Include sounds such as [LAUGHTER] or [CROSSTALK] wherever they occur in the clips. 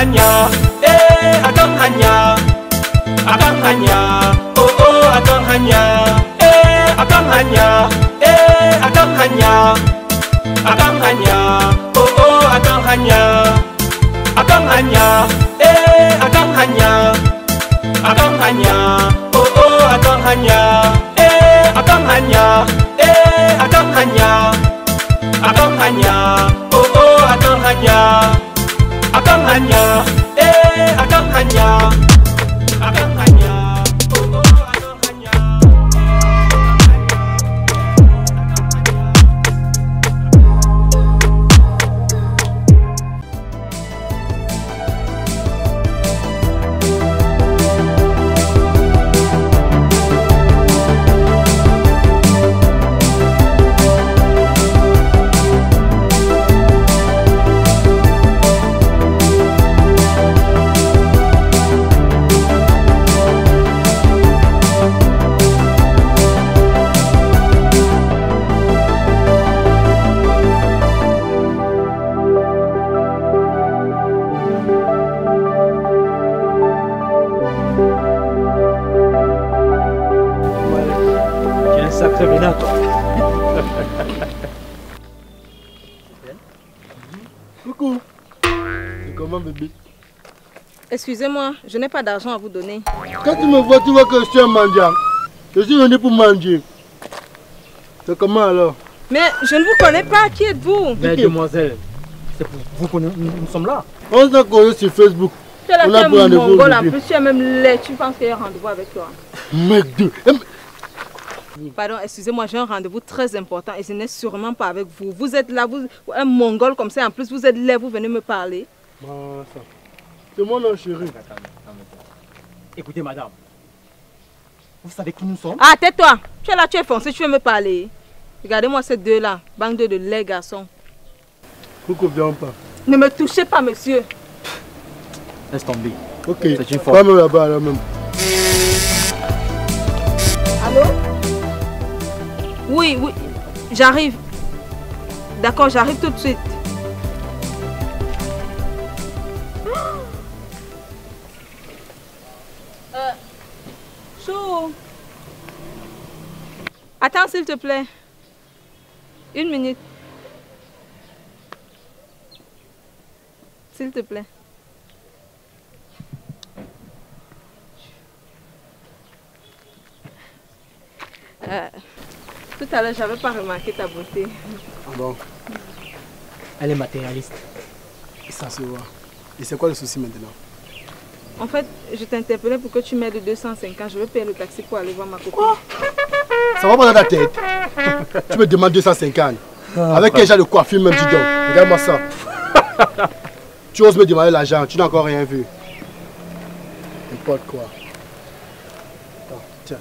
아깜하냐 에 아깜하냐 아깜하냐 Excusez-moi, je n'ai pas d'argent à vous donner. Quand tu me vois, tu vois que je suis un mendiant. Je suis venu pour manger. C'est comment alors Mais je ne vous connais pas. Qui êtes-vous Mais demoiselle, c'est vous nous, sommes là. On s'est encore sur Facebook. Tu es la un mongole en plus, tu es même laid. Tu penses qu'il y a un rendez-vous avec toi Mec eh, Pardon, excusez-moi, j'ai un rendez-vous très important et ce n'est sûrement pas avec vous. Vous êtes là, vous, un mongol comme ça, en plus vous êtes là, vous venez me parler. C'est mon nom, chérie. Écoutez, madame. Vous savez qui nous sommes Ah, tais-toi. Tu es là, tu es foncé, tu veux me parler. Regardez-moi ces deux-là, bande de lait garçons. pas. Ne me touchez pas, monsieur. Laisse tomber. Ok, c'est une là-bas, là-même. Allô Oui, oui, j'arrive. D'accord, j'arrive tout de suite. s'il te plaît. Une minute. S'il te plaît. Euh, tout à l'heure, j'avais pas remarqué ta beauté. Ah bon Elle est matérialiste. Ça se voit. Et c'est quoi le souci maintenant En fait, je t'interpellais pour que tu m'aides 250. Je veux payer le taxi pour aller voir ma copine. Ça va pas dans ta tête. tu me demandes 250. Ah. Avec quel genre de coiffure même, dis donc. Regarde-moi ça. [LAUGHS] tu oses me demander l'argent, tu n'as encore rien vu. N'importe quoi. tiens.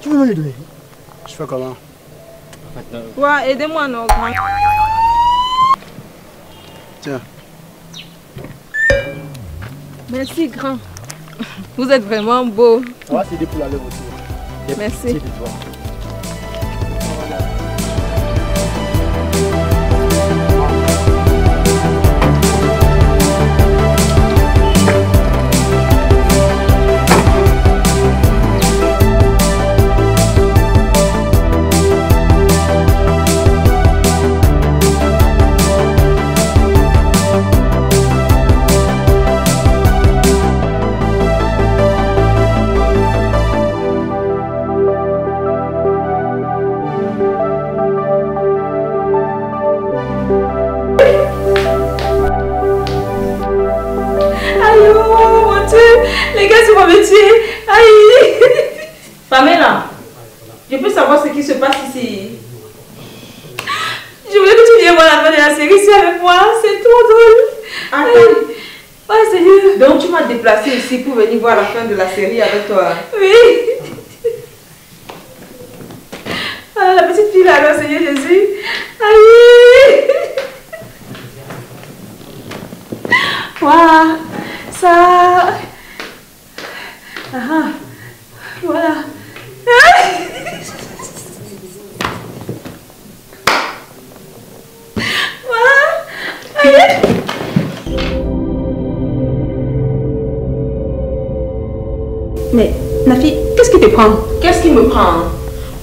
Tu veux me le donner Je fais comment Ouais, aidez-moi, non, grand. Tiens. Merci, grand. Vous êtes vraiment beau. On va t'aider pour la lèvre Merci. Les gars, c'est mon tuer. Aïe. Pamela, je peux savoir ce qui se passe ici. Je voulais que tu viennes voir la fin de la série ici avec moi. C'est trop drôle. Attends. Ah, ah. Ouais, sérieux. Donc, tu m'as déplacé ici pour venir voir la fin de la série avec toi. Oui. Ah, la petite fille là, Seigneur Jésus. Aïe. Waouh. Ça. Ah, ah voilà. [LAUGHS] Mais, ma fille, qu'est-ce qui te prend Qu'est-ce qui me prend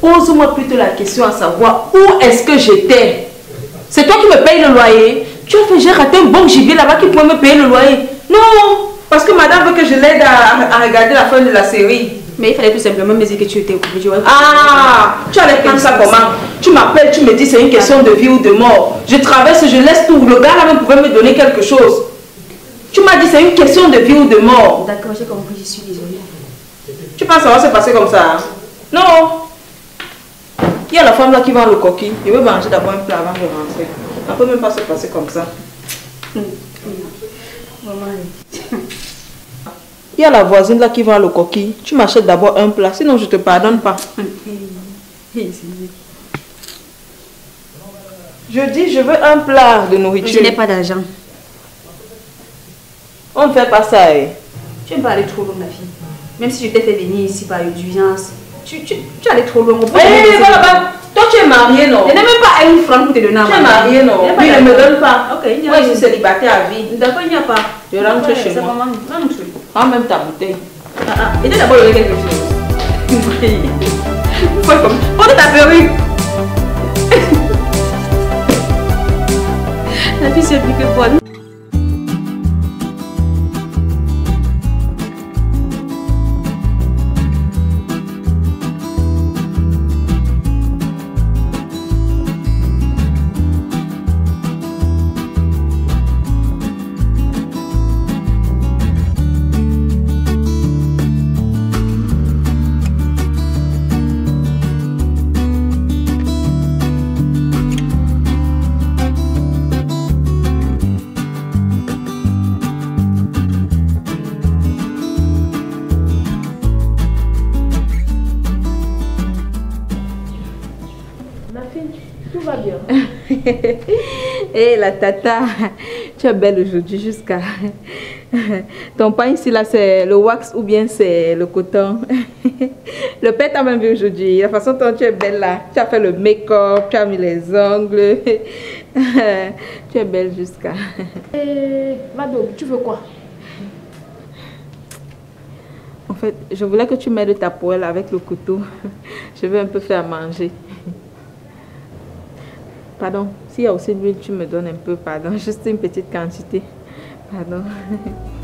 ose moi plutôt la question à savoir où est-ce que j'étais. C'est toi qui me paye le loyer. Tu as fait, j'ai raté un bon gibier là-bas qui pourrait me payer le loyer. Non parce que madame veut que je l'aide à, regarder la fin de la série. Mais il fallait tout simplement me dire que tu étais au ah, tu allais comme ça comment Tu m'appelles, tu me dis c'est une question de vie ou de mort. Je traverse, je laisse tout. Le gars là même pouvait me donner quelque chose. Tu m'as dit c'est une question de vie ou de mort. D'accord, j'ai compris, je suis désolée. Tu penses ça va se passer comme ça hein? Non. Il y a la femme là qui vend le coquille. Il veut manger d'abord un plat avant de rentrer. Ça peut même pas se passer comme ça. Maman. Mm. Mm. [LAUGHS] Il y a la voisine là qui vend le coquille. Tu m'achètes d'abord un plat, sinon je ne te pardonne pas. Je dis, je veux un plat de nourriture. Je n'ai pas d'argent. On ne fait pas ça. Eh. Tu n'aimes pas aller trop loin, ma fille. Même si je t'ai fait venir ici par une tu, tu, tu allais trop loin. Eh, bah, toi, tu es marié non Je n'ai même pas un franc pour te donner Tu es marié non Il ne me donne pas. Ok, il a Moi, je suis célibataire à vie. D'accord, il n'y a pas. Je rentre chez moi. en même temps bouteille. Ah ah, il était d'abord quelque chose. Oui. Faut comme. On est à perruque. La fille c'est plus que bonne. tata. Tu es belle aujourd'hui jusqu'à... Ton pain ici, là, c'est le wax ou bien c'est le coton. Le père t'a même vu aujourd'hui. La façon dont tu es belle là. Tu as fait le make-up, tu as mis les ongles. Tu es belle jusqu'à... Eh, madou tu veux quoi En fait, je voulais que tu m'aides ta poêle avec le couteau. Je vais un peu faire manger. Pardon s'il y a aussi de l'huile, tu me donnes un peu, pardon, [LAUGHS] juste une petite quantité. Pardon.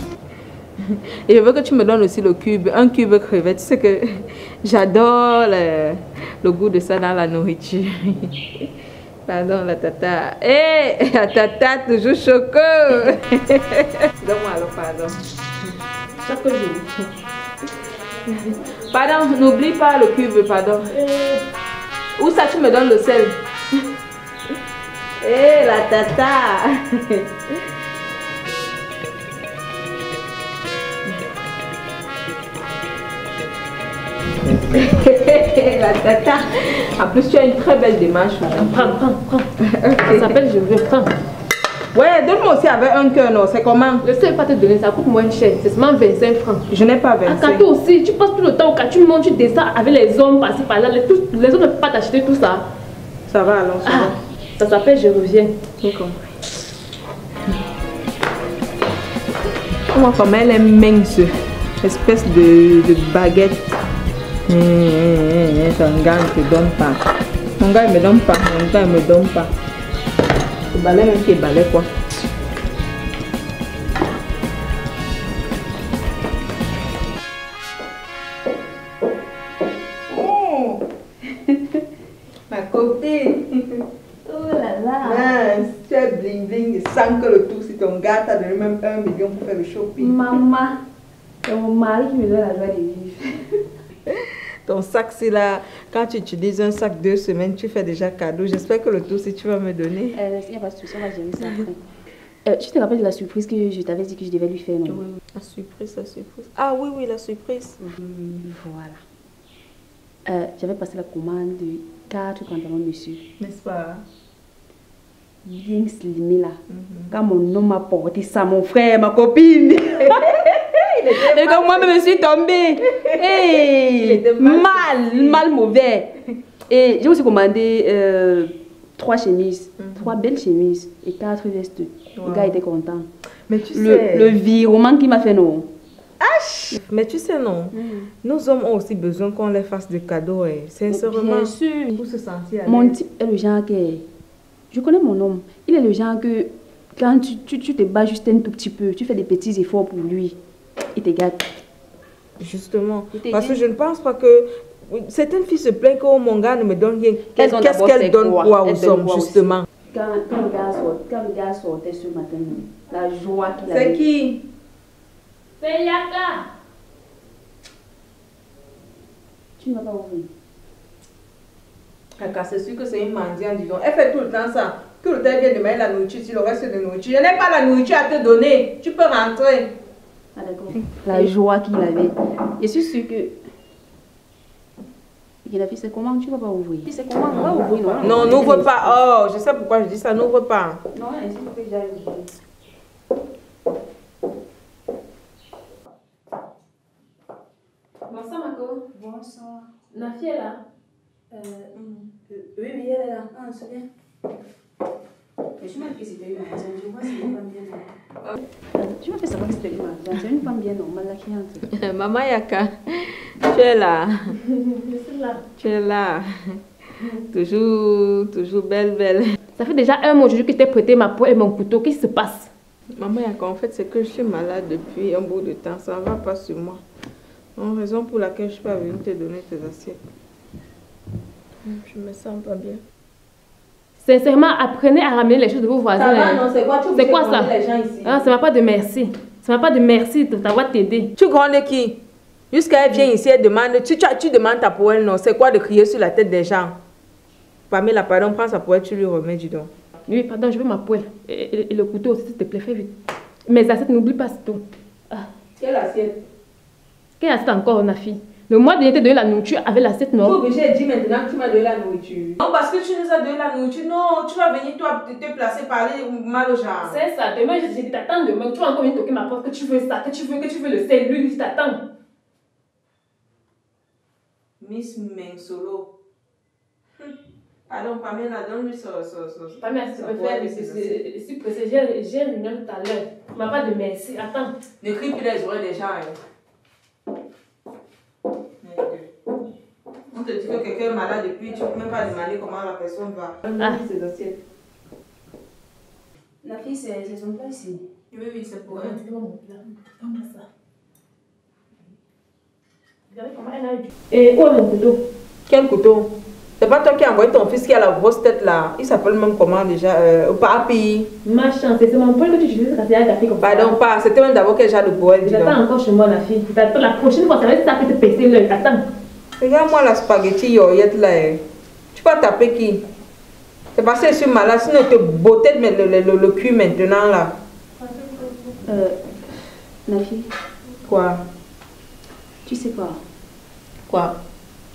[LAUGHS] Et je veux que tu me donnes aussi le cube, un cube crevette. Tu sais que [LAUGHS] j'adore le, goût de ça dans la nourriture. Pardon, la tata. Hé, eh, la tata, toujours choco. Donne-moi le pardon. Chaque jour. Pardon, n'oublie pas le cube, pardon. Euh. Où ça, tu me donnes le sel eh, la tata [LAUGHS] la tata En plus, tu as une très belle démarche. Prends, prends, prends. Ça s'appelle Je veux, prends. Ouais, donne-moi aussi avec un cœur, non C'est comment Le sais pas te donner, ça coûte moins cher. C'est seulement 25 francs. Je n'ai pas 25. À toi aussi, tu passes tout le temps au cas, tu montes, tu descends avec les hommes par par-là. Les, hommes ne peuvent pas t'acheter tout ça. Ça va alors, ça ah. Ça s'appelle Je reviens. D'accord. Moi, comme elle est mince, espèce de, baguette. son hum, hum, hum, gars ne te donne pas. Mon gars ne me donne pas, mon gars ne me donne pas. Le balai même qui est balai quoi. que le tout, si ton gars t'a donné même un million pour faire le shopping. Maman, c'est mon mari qui me donne la joie de vivre. [LAUGHS] ton sac, c'est là. Quand tu utilises un sac deux semaines, tu fais déjà cadeau. J'espère que le tout, si tu vas me donner. Euh, il a pas de euh, tu te rappelles de la surprise que je t'avais dit que je devais lui faire, non La surprise, la surprise. Ah oui, oui, la surprise. voilà. Euh, j'avais passé la commande de quatre pantalons, monsieur. N'est-ce pas slimé là. Mhm. Quand mon nom m'a porté ça, mon frère, ma copine. [LAUGHS] Et donc moi-même, je suis tombée. mal, mal mauvais. Et j'ai aussi commandé euh, trois chemises, mhm. trois belles chemises et quatre vestes. Le gars était content. Mais tu le, sais... Le virement qui m'a fait non. h Mais tu sais, non. Mm. Nos hommes ont aussi besoin qu'on les fasse des cadeaux, hein, sincèrement. Bien sûr. sentir Mon type est le genre qui est je connais mon homme. Il est le genre que quand tu, tu, tu te bats juste un tout petit peu, tu fais des petits efforts pour lui, il te gâte. Justement. Parce que je ne pense pas que certaines filles se plaignent que mon gars ne me donne rien. Qu'est-ce qu'elle donne quoi aux hommes, justement quand, le gars sort, quand le gars sortait ce matin, la joie qu'il avait. C'est qui C'est Yaka. Tu ne vas pas ouvrir. Ah, c'est sûr que c'est une mendiante, disons. Elle fait tout le temps ça. Tout le temps, elle vient mettre la nourriture, si le reste de nourriture. Je n'ai pas la nourriture à te donner. Tu peux rentrer. La joie qu'il avait. Je suis sûr que. Il a c'est comment tu vas pas ouvrir C'est comment on va ouvrir Non, n'ouvre pas. Oh, je sais pourquoi je dis ça, n'ouvre pas. Non, faut que j'aille Bonsoir, Marco. Bonsoir. La fille est là euh, mm. euh, oui, mais elle est là. Ah, c'est bien. Mais je m'as que c'était une Tu vois que c'était une femme bien. Euh, tu m'as fait savoir que c'était une Tu C'est une femme bien normale, la cliente. Maman Yaka, tu es là. je suis [LAUGHS] là. Tu es là. toujours, toujours belle, belle. Ça fait déjà un mois aujourd'hui que je t'ai prêté ma peau et mon couteau. Qu'est-ce qui se passe Maman Yaka, en fait, c'est que je suis malade depuis un bout de temps. Ça ne va pas sur moi. La raison pour laquelle je ne suis pas venue te donner tes assiettes. Mm. Je me sens pas bien. Sincèrement, apprenez à ramener les choses de vos voisins. c'est quoi, ça C'est Ah, ça m'a pas de merci. Ça m'a pas de merci de t'avoir t'aider. Tu grondes qui Jusqu'à elle vient ici, elle demande. Tu, tu, demandes ta poêle, non C'est quoi de crier sur la tête des gens la pardon, prends sa poêle, tu lui remets, du don. Oui, pardon, je veux ma poêle. Et, le couteau aussi, s'il te plaît, fais vite. Mes assiettes, n'oublie pas tout. Quelle assiette Quelle assiette encore, ma fille le mois dernier, t'ai donné la nourriture avec la noire. norme. Faut que j'ai maintenant que tu m'as donné la nourriture. Non, parce que tu nous as donné la nourriture. Non, tu vas venir toi te placer, parler mal aux gens. C'est ça. Demain, j'ai dit, t'attends demain. Tu vas encore venir toquer ma porte que tu veux ça, que tu veux, que tu veux le sel. Lui, tu t'attends. Miss Mensolo. Hum. Pardon, Pamela, donne-lui son... Pamela, si tu peux faire, si tu peux, j'ai une réunion tout à l'heure. pas de merci, attends. Ne crie plus les oreilles des gens. Hein. Tu te dit que quelqu'un est malade depuis, tu ne peux même pas demander comment la personne va. Ah. La fille, c'est son plat ici. Oui, oui, c'est pour elle. Et eh, où est mon couteau Quel couteau C'est pas toi qui as envoyé ton fils qui a la grosse tête là. Il s'appelle même comment déjà euh, Papi. Machin, c'est mon poème que tu utilises quand c'est avec ta fille. Pardon, pas. C'était même d'abord quel genre de bois. J'attends encore chez moi la fille. La prochaine fois, ça va être ça qui te péter l'œil. Attends. Regarde-moi la spaghetti yoyette là. Hein. Tu vas taper qui C'est parce que je suis malade, sinon te beauté le, le, le, le, cul maintenant là. Euh, ma fille. Quoi Tu sais quoi Quoi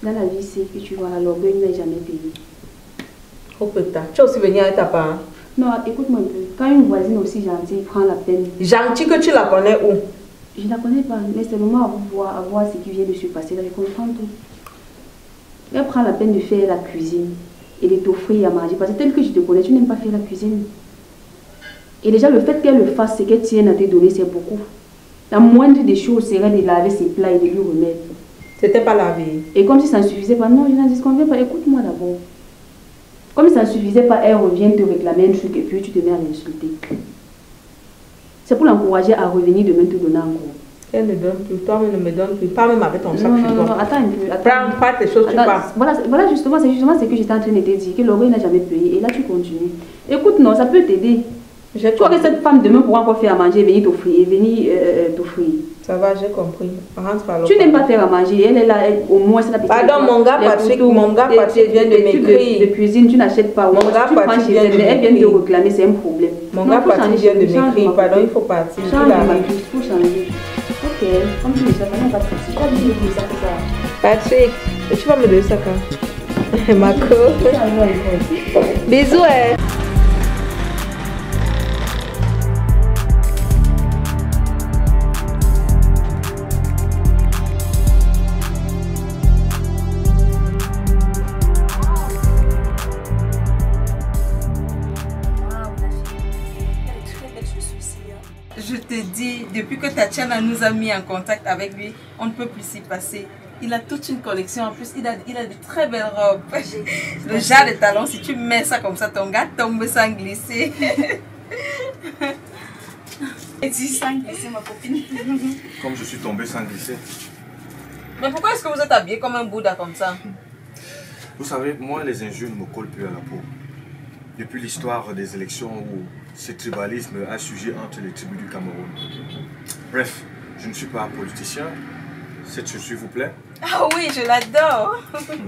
Dans la vie, c'est que tu vois, l'orgueil n'est jamais payé. Oh putain, tu as aussi venu avec ta part. Hein? Non, écoute-moi un peu. Quand une voisine aussi gentille prend la peine. Gentille que tu la connais où Je ne la connais pas, mais c'est le moment à voir, à voir ce qui vient de se passer. Là, je comprends tout. Elle prend la peine de faire la cuisine et de t'offrir à manger. Parce que tel que je te connais, tu n'aimes pas faire la cuisine. Et déjà, le fait qu'elle le fasse, c'est qu'elle tienne à te donner, c'est beaucoup. La moindre des choses serait de laver ses plats et de lui remettre. C'était pas lavé. Et comme si ça ne suffisait pas, non, je n'en dis qu'on vient pas, écoute-moi d'abord. Comme si ça ne suffisait pas, elle revient te réclamer un truc et puis tu te mets à l'insulter. C'est pour l'encourager à revenir demain te donner encore. Elle ne donne plus, toi ne me donne plus, pas même avec ton sac. Non, non, non, non, attends un peu. Attends. Prends pas tes choses, tu pars. Voilà, voilà justement, c'est justement ce que j'étais en train de te dire, que l'oreille n'a jamais payé. Et là, tu continues. Écoute, non, ça peut t'aider. Je crois que cette femme demain pourra encore faire à manger, venir t'offrir, venir euh, euh, t'offrir. Ça va, j'ai compris. Rentre alors. Tu n'aimes pas faire à manger. Elle est là, au moins, c'est la petite. Pardon, mon gars Patrick, mon gars Patrick vient de m'écrire. De, cuisine, tu n'achètes pas. Mon gars Patrick Elle vient de réclamer, c'est un problème. Mon gars Patrick vient de m'écrire. Pardon, il faut partir. Il faut changer. Patrick, tu vas me donner ça [LAUGHS] Marco. Bisous, eh. nous a mis en contact avec lui. On ne peut plus s'y passer. Il a toute une collection. En plus, il a, il a de très belles robes. [LAUGHS] Le genre de talons, si tu mets ça comme ça, ton gars tombe sans glisser. [LAUGHS] Et dis sans glisser, ma copine. [LAUGHS] Comme je suis tombée sans glisser. Mais pourquoi est-ce que vous êtes habillé comme un Bouddha comme ça Vous savez, moi, les injures ne me collent plus à la peau. Depuis l'histoire des élections où ce tribalisme à sujet entre les tribus du Cameroun. Bref, je ne suis pas un politicien. Cette s'il vous plaît Ah oui, je l'adore.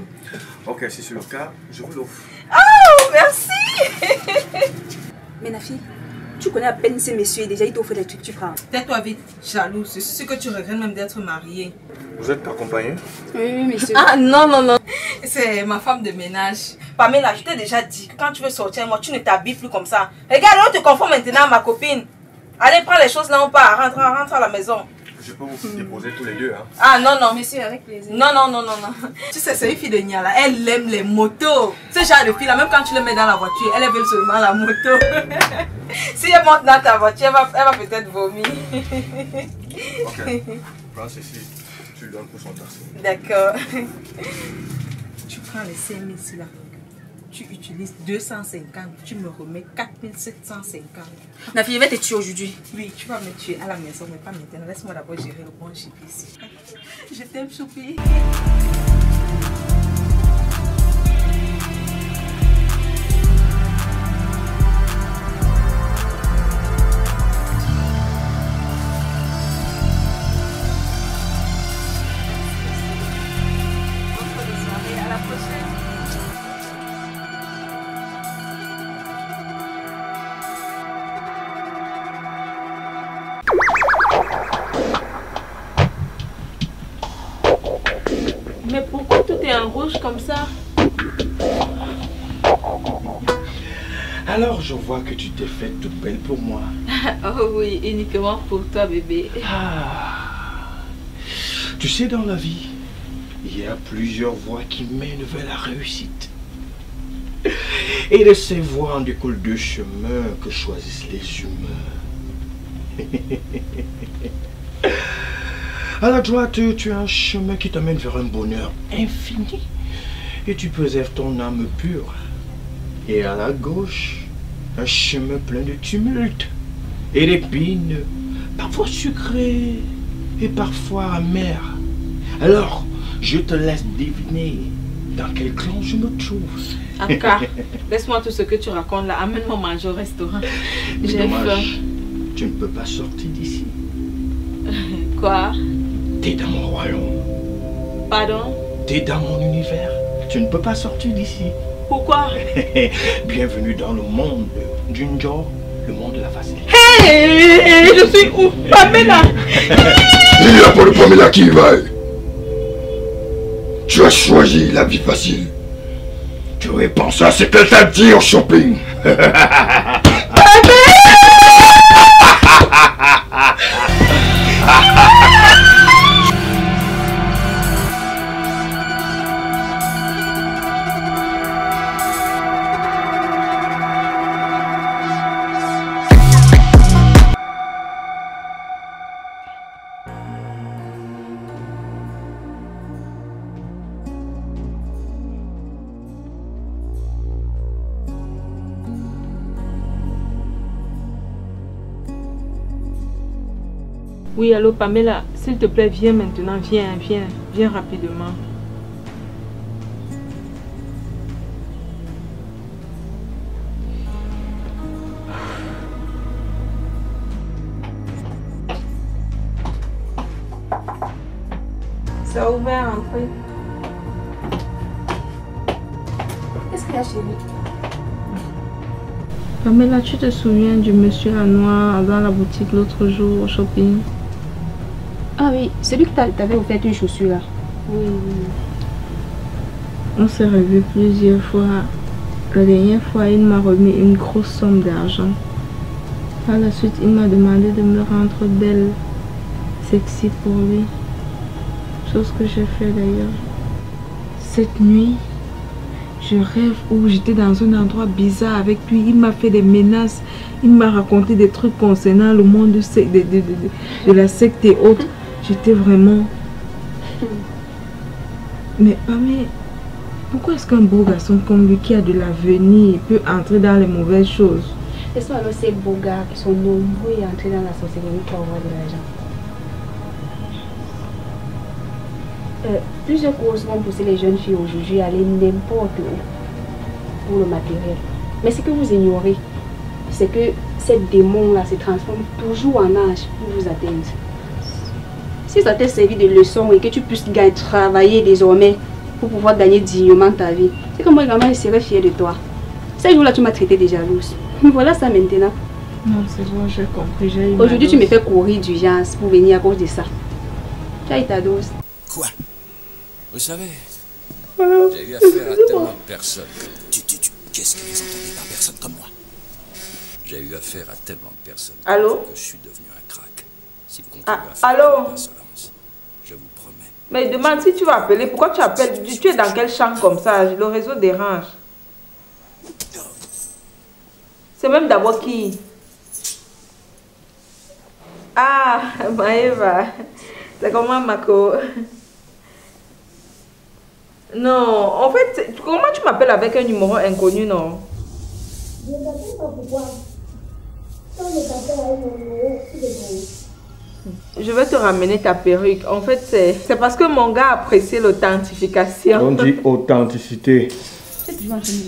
[LAUGHS] ok, si c'est le cas, je vous l'offre. Oh, merci Mais tu connais à peine ces messieurs et déjà ils t'offrent des trucs, tu prends. Tais-toi vite, jaloux. C'est ce que tu regrettes même d'être marié. Vous êtes accompagnée Oui, oui, monsieur. Ah non, non, non. C'est ma femme de ménage. Pamela, je t'ai déjà dit que quand tu veux sortir, moi, tu ne t'habilles plus comme ça. Regarde, on te confond maintenant ma copine. Allez, prends les choses là, on pas, Rentre, rentre à la maison je peux vous déposer tous les deux. Hein. Ah non, non. Monsieur, avec plaisir. Non, non, non, non, non. Tu sais, c'est une fille de Niala, Elle aime les motos. Ce genre de fille là, même quand tu le mets dans la voiture, elle veut seulement la moto. [LAUGHS] si elle monte dans ta voiture, elle va, peut-être vomir. [LAUGHS] ok. [LAUGHS] Prends ceci. Tu lui donnes pour son taxi. D'accord. Tu prends les si là tu utilises 250, tu me remets 4750. Ma fille, je vais te tuer aujourd'hui. Oui, tu vas me tuer à la maison, mais pas maintenant. Laisse-moi d'abord gérer le bon chip ici. [LAUGHS] Je t'aime, Choupi. uniquement pour toi, bébé. Ah. Tu sais, dans la vie, il y a plusieurs voies qui mènent vers la réussite. Et de ces voies en découle deux chemins que choisissent les humains. à la droite, tu as un chemin qui t'amène vers un bonheur infini. Et tu préserves ton âme pure. Et à la gauche, un chemin plein de tumulte et l'épine, parfois sucrée et parfois amère. Alors, je te laisse deviner dans quel clan je me trouve. Encore. [LAUGHS] laisse-moi tout ce que tu racontes là. Amène-moi manger au restaurant. J'ai Tu ne peux pas sortir d'ici. [LAUGHS] Quoi T'es dans mon royaume. Pardon T'es dans mon univers. Tu ne peux pas sortir d'ici. Pourquoi [LAUGHS] Bienvenue dans le monde d'une le monde de la facilité je suis où Pamela Il n'y a pas de Pamela qui va. Tu as choisi la vie facile. Tu aurais pensé à ce qu'elle t'a dit au shopping. [LAUGHS] allô Pamela, s'il te plaît, viens maintenant, viens, viens, viens rapidement. Ça a ouvert un Qu'est-ce qu'il y a chez lui Pamela, tu te souviens du monsieur à noir dans la boutique l'autre jour au shopping ah oui, celui que t'avais offert une chaussure là. Oui, oui. On s'est revu plusieurs fois. La dernière fois, il m'a remis une grosse somme d'argent. Par la suite, il m'a demandé de me rendre belle, sexy pour lui. Chose que j'ai fait d'ailleurs. Cette nuit, je rêve où j'étais dans un endroit bizarre avec lui. Il m'a fait des menaces. Il m'a raconté des trucs concernant le monde de la secte et autres j'étais vraiment... Mais ah, mais pourquoi est-ce qu'un beau garçon comme lui qui a de l'avenir peut entrer dans les mauvaises choses Ce sont alors ces beaux gars qui sont nombreux à entrer dans la société pour avoir de l'argent. Euh, plusieurs causes vont pousser les jeunes filles aujourd'hui à aller n'importe où pour le matériel. Mais ce que vous ignorez, c'est que cette démon là se transforme toujours en âge pour vous atteindre si ça t'a servi de leçon et que tu puisses travailler désormais pour pouvoir gagner dignement ta vie, c'est que moi également je serais fière de toi. Ces jours-là, tu m'as traité de jalouse. [LAUGHS] Voilà ça maintenant. Non, c'est bon, j'ai compris. Aujourd'hui, tu me fais courir du jazz pour venir à cause de ça. Tu as ta dose. Quoi Vous savez, oh. j'ai eu affaire à tellement de personnes. Tu, tu, Qu'est-ce que vous entendez par personne comme moi J'ai eu affaire à tellement de personnes. Allô que je suis devenu un crack. Si vous ah, continuez à allô mais il demande si tu vas appeler. Pourquoi tu appelles Tu es dans quel champ comme ça Le réseau dérange. C'est même d'abord qui Ah, [LAUGHS] Maëva. C'est comment Mako Non, en fait, comment tu m'appelles avec un numéro inconnu, non Je ne pas pourquoi. je t'appelle mon numéro, je vais te ramener ta perruque. En fait, c'est parce que mon gars apprécie l'authentification. On dit authenticité. J'ai compris,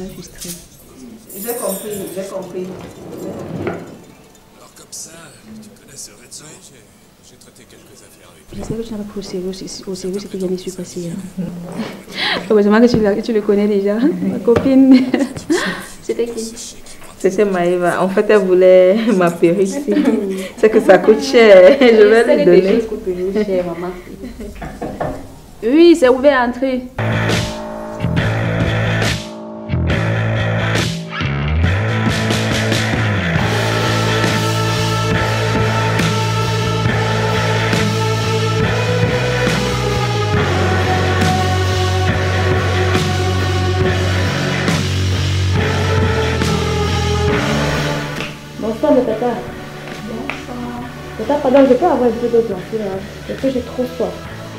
j'ai compris. Alors comme ça, tu connais ce réseau J'ai traité quelques affaires avec Je sais que tu n'as pas pris au sérieux, au ce que Yannis suis passé. Hein. [LAUGHS] Heureusement que tu, tu le connais déjà, ma copine. [LAUGHS] C'était qui c'était Maïva, En fait, elle voulait [LAUGHS] ma ici, [LAUGHS] C'est que ça coûte cher. Je vais lui donner. Oui, c'est ouvert à entrer. pas je peux avoir un peu d'eau glacée là, parce que j'ai trop soif.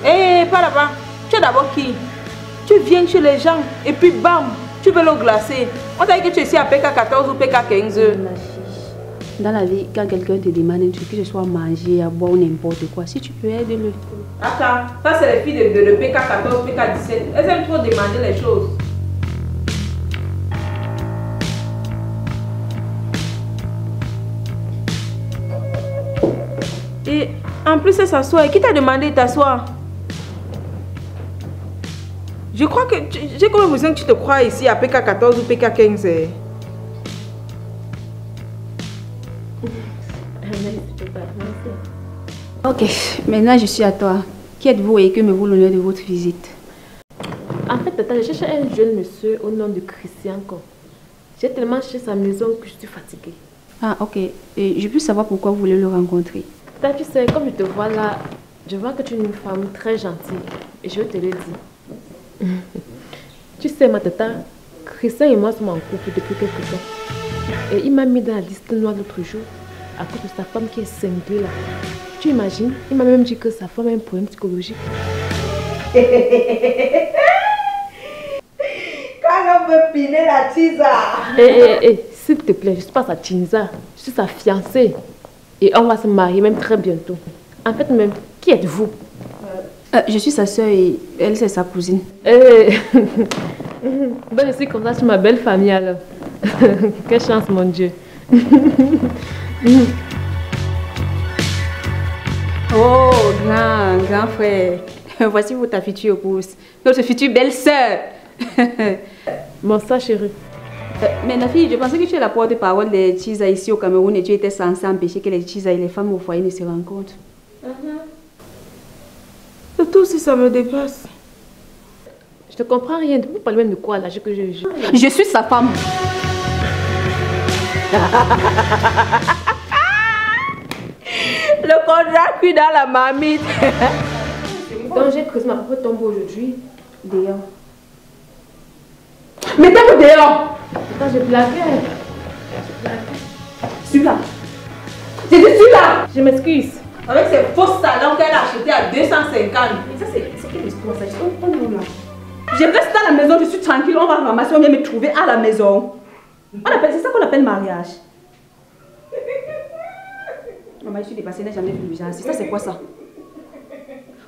Hé, eh, pas là-bas. Tu es d'abord qui Tu viens chez les gens et puis bam, tu veux l'eau glacée. On t'a dit que tu es ici à PK14 ou PK15. Dans la vie, quand quelqu'un te demande un chose, que ce soit à manger, à boire ou n'importe quoi, si tu peux aider le. Attends, ça c'est les filles de, de, de PK14, PK17. Elles aiment trop demander les choses. Et en plus, elle s'assoit. Qui t'a demandé de t'asseoir Je crois que... J'ai comme besoin que tu te crois ici à PK14 ou PK15. [LAUGHS] Ok, maintenant je suis à toi. Qui êtes-vous et que me vaut l'honneur de votre visite En fait, attends, je cherche un jeune monsieur au nom de Christian J'ai tellement cherché sa maison que je suis fatiguée. Ah, ok. Et je peux savoir pourquoi vous voulez le rencontrer tu sais, comme je te vois là, je vois que tu es une femme très gentille. Et je te le dis. tu sais, ma tata, Christian et moi sommes en couple depuis quelques temps. Et il m'a mis dans la liste noire l'autre jour à cause de sa femme qui est cinglée là. Tu imagines Il m'a même dit que sa femme a un problème psychologique. [LAUGHS] Quand on veut piner la tisa. Eh, eh, eh, s'il te plaît, je ne suis pas sa tisa. Je suis sa fiancée et on va se marier même très bientôt. En fait, même, qui êtes-vous euh, Je suis sa soeur et elle, c'est sa cousine. Euh... je suis comme ça, je ma belle famille alors. [LAUGHS] Quelle chance, mon Dieu. [LAUGHS] oh, grand, grand frère. [LAUGHS] Voici votre future épouse, notre future belle-sœur. Bonsoir, chérie. Euh, mais mais Nafi, je pensais que tu es la porte-parole des Chisa ici au Cameroun et tu étais censée empêcher que les Chisa et les femmes au foyer ne se rencontrent. Uh Surtout si ça me dépasse. Je ne comprends rien. Vous parlez même de quoi là je, je, je... je suis sa femme. Le contrat cuit dans la marmite. Donc j'ai creusé ma propre tombe aujourd'hui. D'ailleurs. Mettez-vous dehors. plus je plaqué? Celui-là. J'ai dit celui-là. Je m'excuse. Avec ces fausses salons qu'elle a acheté à 250. Mais ça, c'est quelle histoire ça Je là. Je reste à la maison, je suis tranquille, on va ramasser, on vient me trouver à la maison. C'est ça qu'on appelle mariage. Maman, je suis dépassée, elle n'a jamais vu le Ça, c'est quoi ça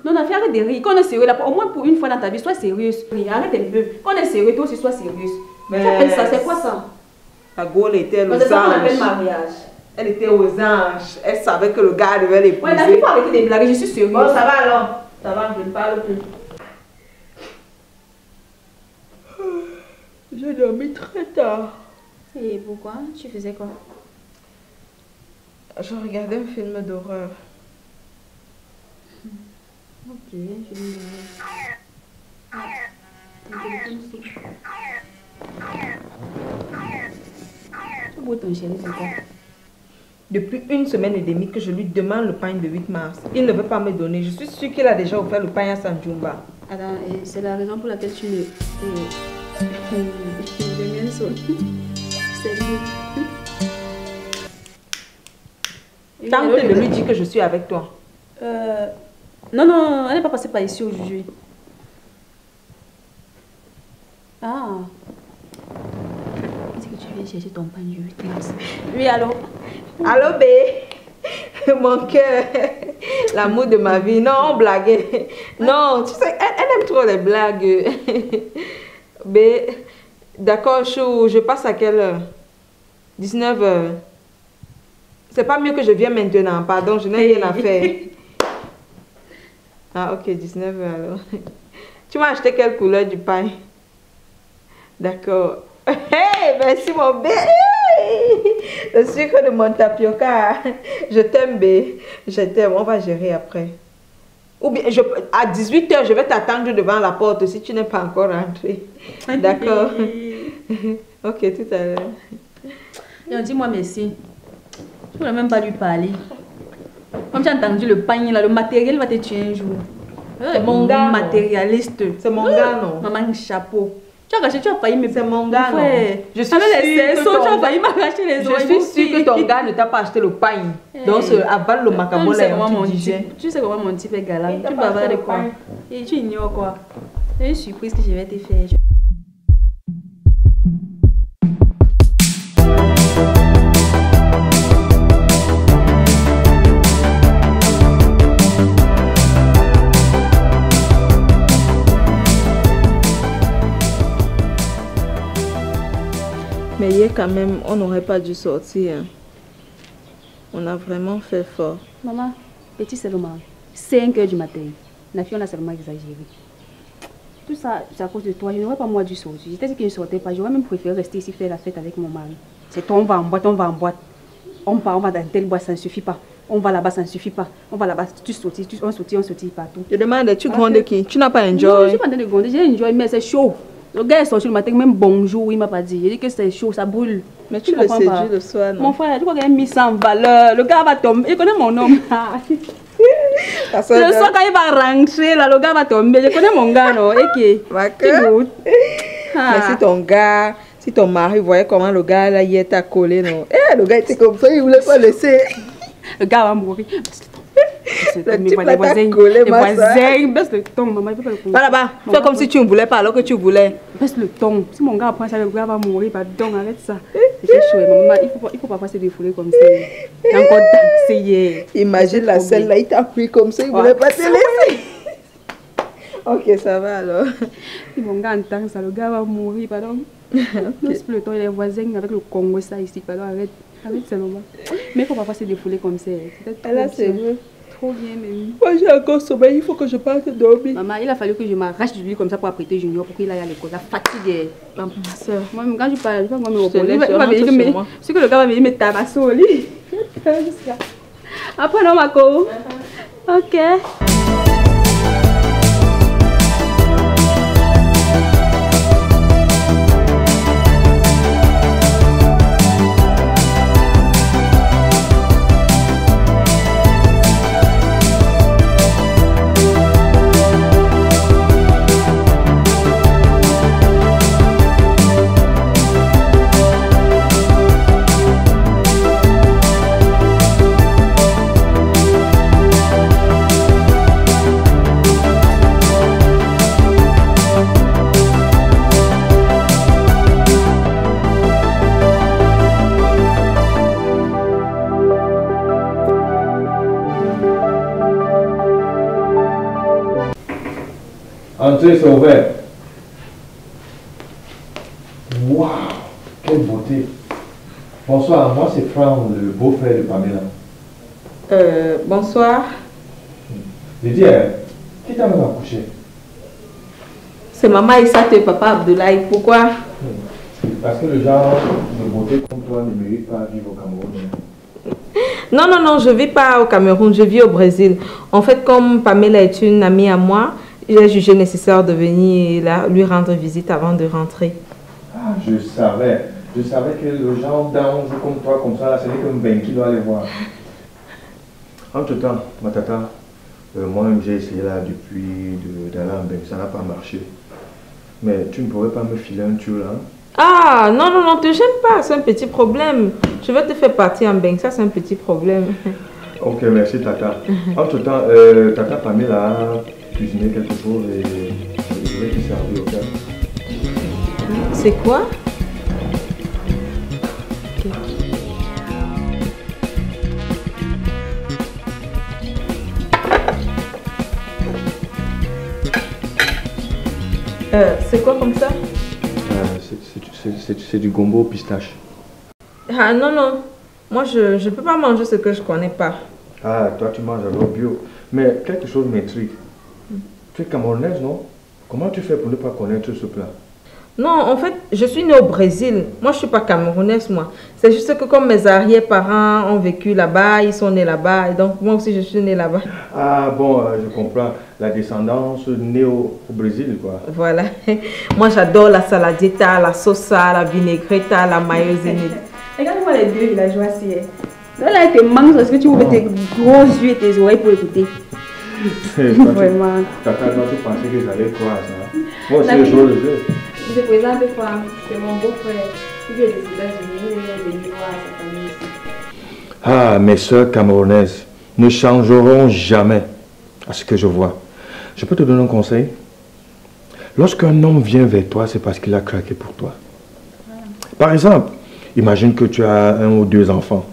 non, arrête de rire. Quand est sérieux, là, au moins pour une fois dans ta vie, sois sérieuse. Arrête un peu. Quand est sérieux, toi aussi, sois sérieuse. Mais... Tu appelles ça, c'est quoi ça Ta gaule était aux anges. C'est ça qu'on mariage. Elle était aux anges. Elle savait que le gars devait l'épouser. Ouais, n'arrive pas arrêter des blagues, je suis sérieuse. Bon, ça va alors. Ça va, je ne parle plus. [SIGHS] J'ai dormi très tard. Et pourquoi Tu faisais quoi Je regardais un film d'horreur. Ok, je vais ah, depuis une semaine et demie que je lui demande le pain de 8 mars. Il ne veut pas me donner. Je suis sûre qu'il a déjà offert le pain à Sanjumba. c'est la raison pour laquelle tu ne... Tant lui dis que je suis avec toi. Euh... Non, non, elle n'est pas passée par ici aujourd'hui. Ah. Est-ce que tu viens chercher ton panier Oui, allô Allô, B Mon cœur L'amour de ma vie. Non, on Non, tu sais, elle, aime trop les blagues. B, d'accord, chou, je passe à quelle heure 19h. C'est pas mieux que je viens maintenant. Pardon, je n'ai rien à faire. Ah ok, 19 euh, alors. [LAUGHS] tu m'as acheté quelle couleur du pain D'accord. [LAUGHS] Hey, merci mon bébé. Le sucre de mon tapioca. Je t'aime, bébé. Je t'aime. On va gérer après. Ou bien, je, à 18h, je vais t'attendre devant la porte si tu n'es pas encore rentré. D'accord. [LAUGHS] ok, tout à l'heure. Dis-moi merci. Je ne même pas lui parler. Comme tu as entendu le panier là, le matériel va te tuer un jour. Euh, c'est mon gars. Matérialiste. C'est mon gars, euh, non Maman, chapeau. Tu as gâché, tu as failli mais C'est mon gars, non Je suis les tu as failli m'arracher les oreilles. Je suis sûre que ton gars ne t'a pas acheté le pain. Eh. Donc, avale le macabon là. Tu sais comment mon type est galant. Tu bavardes quoi Et tu ignores quoi C'est une surprise que je vais te faire. Mais hier, quand même, on n'aurait pas dû sortir. Hein. On a vraiment fait fort. Maman, petit seulement, 5 heures du matin. La fille, on a seulement exagéré. Tout ça, c'est à cause de toi. Je n'aurais pas moi dû sortir. J'étais dit que je ne sortais pas. J'aurais même préféré rester ici faire la fête avec mon mari. C'est toi, on va en boîte, on va en boîte. On part, on va dans telle boîte, ça ne suffit pas. On va là-bas, ça ne suffit pas. On va là-bas, tu sortis, tu, on sortit, on sortit partout. Je demande, tu ah, grondes qui Tu n'as pas enjoy Non, je suis pas de gronder, j'ai enjoy, mais c'est chaud. Le gars est sorti le matin, même bonjour, il m'a pas dit. Il dit que c'est chaud, ça brûle. Mais tu, tu le séduis le soir, non Mon frère, tu crois qu'il a mis ça en valeur. Le gars va tomber. Il connaît mon homme. [LAUGHS] le soir, quand il va rentrer, là, le gars va tomber. Je connais mon gars, non Et que ah. Mais si ah. ton gars, si ton mari voyait comment le gars, là, il était collé, non Eh, le gars était comme ça, il voulait pas laisser. le gars va mourir. les voisins, les voisins, baisse le ton, maman, il pas le là-bas, fais comme si tu ne voulais pas alors que tu voulais. Baisse le ton. Si mon gars apprend ça, le gars va mourir, pardon, bah, arrête ça. C'est chaud, maman, il faut, il faut pas passer des foulées comme ça. Il encore dansé Imagine la scène là, il t'a pris comme ça, il ne voulait pas te laisser. Ok, ça va alors. Si mon gars entend ça, le gars va mourir, pardon. [LAUGHS] Plus le temps, les voisins avec le Congo, ça ici, pardon, arrête. Arrête ça, maman. Mais il faut pas passer des foulées comme ça. Elle a ses bien, Moi, j'ai encore sommeil, il faut que je parte dormir. Maman, il a fallu que je m'arrache du lit comme ça pour apprêter Junior pour qu'il aille à l'école. La fatigue est. Ma soeur. quand je parle, je vais me reposer. Il que le gars va venir me tabasser au lit. Après, non, ma co. Ok. C'est ouvert Waouh, quelle beauté. Bonsoir, moi c'est Fran le beau-frère de Pamela. Euh, bonsoir. Didier, qui t'a même accouché C'est maman et ça et papa Abdoulaye. Pourquoi hmm. Parce que le genre de beauté comme toi ne mérite pas vivre au Cameroun. Hein. Non, non, non, je ne vis pas au Cameroun, je vis au Brésil. En fait, comme Pamela est une amie à moi, il a jugé nécessaire de venir là, lui rendre visite avant de rentrer. Ah, je savais. Je savais que le genre d'ange comme toi, comme ça, c'est comme Ben qui doit aller voir. Entre-temps, ma tata, euh, moi-même j'ai essayé là depuis d'aller en Ben, ça n'a pas marché. Mais tu ne pourrais pas me filer un tuyau là hein? Ah, non, non, non, te gêne pas, c'est un petit problème. Je vais te faire partir en Ben. ça c'est un petit problème. Ok, merci Tata. Entre-temps, euh, Tata Pamela cuisiner quelque chose et je au C'est quoi euh, c'est quoi comme ça euh, C'est du gombo pistache. Ah non, non. Moi, je ne peux pas manger ce que je connais pas. Ah, toi, tu manges alors bio. Mais quelque chose m'intrigue. Tu es camerounaise, non Comment tu fais pour ne pas connaître ce plat non, en fait, je suis née au Brésil. Moi, je ne suis pas camerounaise, moi. C'est juste que comme mes arrière-parents ont vécu là-bas, ils sont nés là-bas. donc, moi aussi, je suis née là-bas. [LAUGHS] Ah bon, euh, je comprends. La descendance née au, Brésil, quoi. Voilà. [LAUGHS] moi, j'adore la saladita, la salsa, la vinaigrette, la mayonnaise. Regarde-moi les deux villageois, si. Eh. Là, là, tes est-ce que tu ouvres ah. tes gros yeux et tes oreilles pour écouter. Ah, mes soeurs camerounaises ne changeront jamais à ce que je vois. Je peux te donner un conseil Lorsqu'un homme vient vers toi, c'est parce qu'il a craqué pour toi. Ah. Par exemple, imagine que tu as un ou deux enfants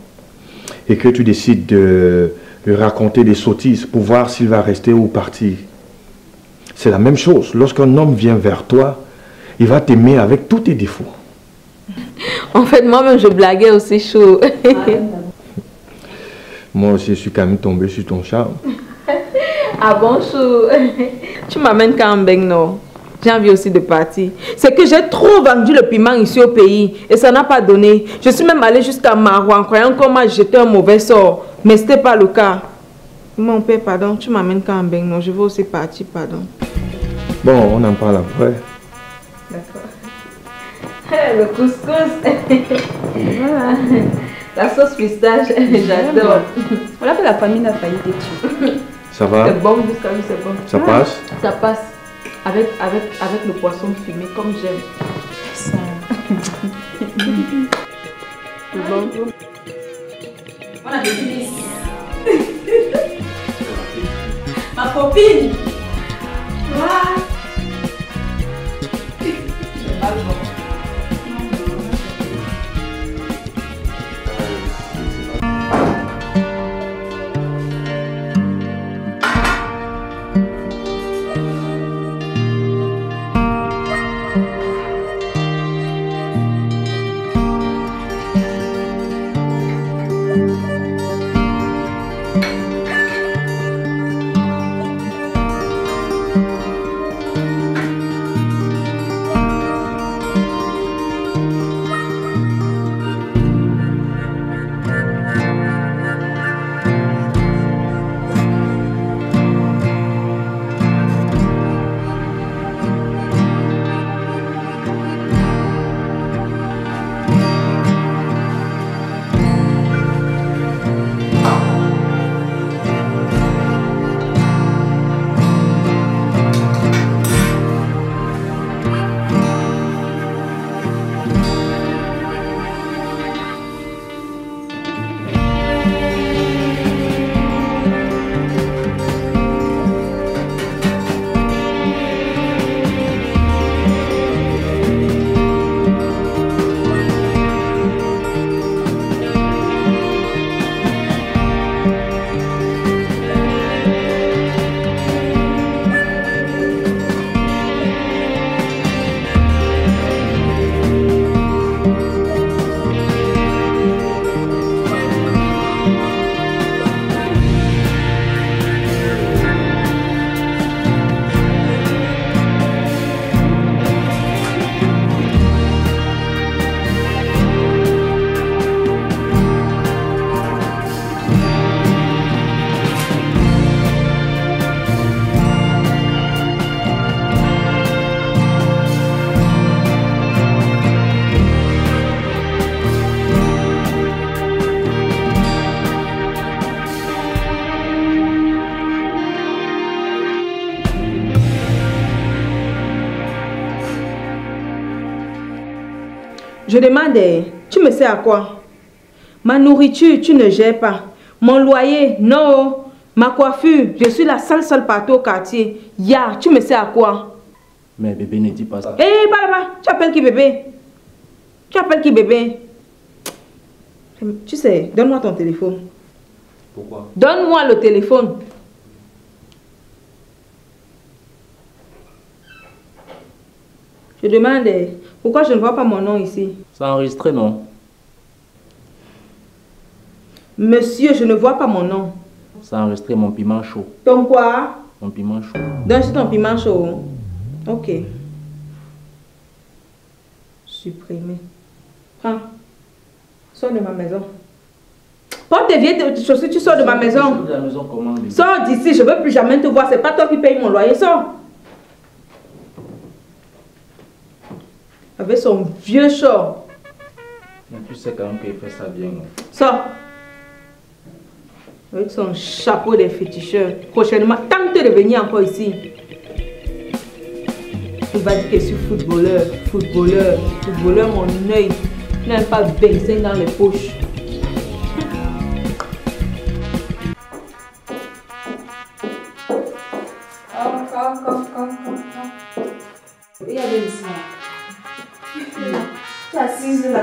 et que tu décides de lui raconter des sottises pour voir s'il va rester ou partir. C'est la même chose. Lorsqu'un homme vient vers toi, il va t'aimer avec tous tes défauts. [LAUGHS] En fait, moi-même, je blaguais aussi chaud. [LAUGHS] moi aussi, je suis quand même tombé sur ton charme. [LAUGHS] ah bon, chou Tu m'amènes quand même, non j'ai envie aussi de partir. C'est que j'ai trop vendu le piment ici au pays et ça n'a pas donné. Je suis même allée jusqu'à Maro en croyant qu'on m'a jeté un mauvais sort. Mais ce n'était pas le cas. Mon père, pardon, tu m'amènes quand même, non, je veux aussi partir, pardon. Bon, on en parle après. D'accord. [LAUGHS] Le couscous. [LAUGHS] Ah, la sauce pistache, [LAUGHS] j'adore. Voilà que la famille n'a failli Ça va C'est bon, jusqu'à c'est bon. Ça passe ah, Ça passe. Avec, avec, avec le poisson fumé, comme j'aime. Ça. c'est bon. Olha que delícia. Uma copinha? Lá. tu me sais à quoi Ma nourriture, tu ne gères pas. Mon loyer, non. Ma coiffure, je suis la seule seule partout au quartier. Ya, tu me sais à quoi Mais bébé, ne dis pas ça. Hé, eh, Tu appelles qui bébé Tu appelles qui bébé Tu sais, donne-moi ton téléphone. Pourquoi Donne-moi le téléphone. Je demande, pourquoi je ne vois pas mon nom ici enregistré, non Monsieur, je ne vois pas mon nom. Ça enregistré, mon piment chaud. donc quoi Mon piment chaud. Donc, c'est ton piment chaud. Hein? Ok. Supprimer. Prends. Sors de ma maison. Porte tes vieilles chaussures, tu sors de ma maison. De sors d'ici, je veux plus jamais te voir. C'est pas toi qui paye mon loyer, sors. Avec son vieux short. Mais tu sais quand même qu'il fait ça bien. Ça, Avec son chapeau des féticheurs. Prochainement, tente de venir encore ici. Il va dire que je suis footballeur, footballeur, footballeur, mon œil n'aime pas baiser dans les poches.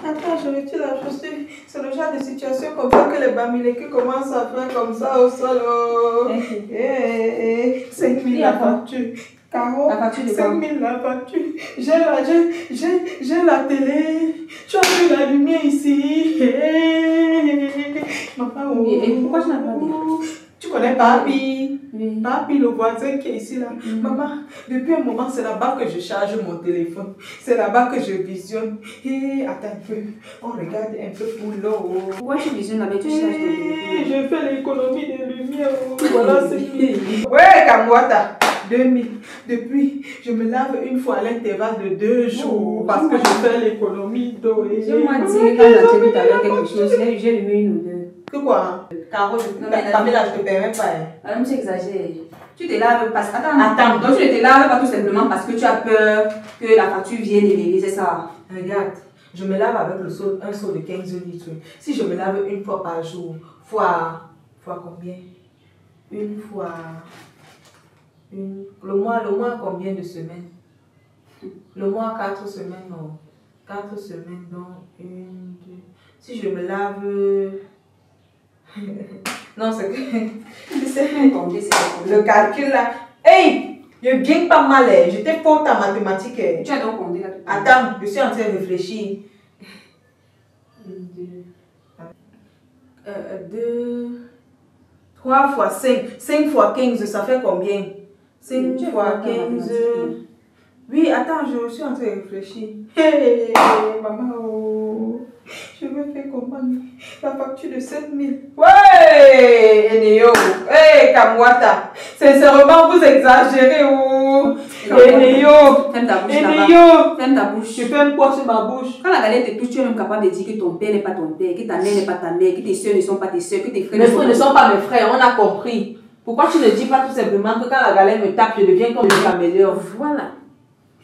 Attends, je retire la chaussure. C'est le genre de situation qu'on voit que les bamilekis commencent à faire comme ça au sol. Oh. 5 eh, 000 eh. eh, la facture. Caro, 5 000 la facture. J'ai la, la télé. Tu as vu la lumière ici. Oh. Et, pourquoi je n'ai pas dit tu connais Papi Papi, le voisin qui est ici là. Mm-hmm. Maman, depuis un moment, c'est là-bas que je charge mon téléphone. C'est là-bas que je visionne. Hé, attends un peu. On regarde un peu pour l'eau. Pourquoi je visionne avec mais tu charges Je fais l'économie de lumières. Voilà, c'est [LAUGHS] fini. ouais, Kamwata 2000. Depuis, je me lave une fois à l'intervalle de deux oh. jours parce que je fais l'économie d'eau. Je m'en que quand j'ai vu quelque chose, j'ai remis une ou deux. Que quoi je... non, mais là, te permets pas. Hein. ah tu Tu te laves parce que. Attends, Attends. Donc, tu ne te laves pas tout simplement parce que tu as peur que la facture vienne c'est ça Regarde, je me lave avec le seau, un seau de 15 litres. Si je me lave une fois par jour, fois. fois combien Une fois. Une, le, mois, le mois, combien de semaines Le mois, 4 semaines, non. 4 semaines, donc une, deux. Si je me lave [LAUGHS] non, c'est que [LAUGHS] Le calcul là. Hey! Je gagne pas mal. Hein. J'étais forte en mathématiques. Hein. Tu as donc compté là. Attends, je suis en train de réfléchir. 2. 3 euh, fois 5. 5 fois 15, ça fait combien 5 fois 15. Oui, attends, je suis en train de réfléchir. Hey, maman. Oh. Je me fais comprendre la facture de 7000. Ouais, Eneo. Hé, Kamwata. Sincèrement, vous exagérez. ou. Oh. Eneo. Ferme ta bouche. Ferme ta bouche. Je fais un poids sur ma bouche. Quand la galère te touche, tu es même capable de dire que ton père n'est pas ton père, que ta mère n'est pas ta mère, que tes soeurs ne sont pas tes soeurs, que tes frères, frères ne sont pas mes frères. On a compris. Pourquoi tu ne dis pas tout simplement que quand la galère me tape, je deviens comme le caméléon Voilà.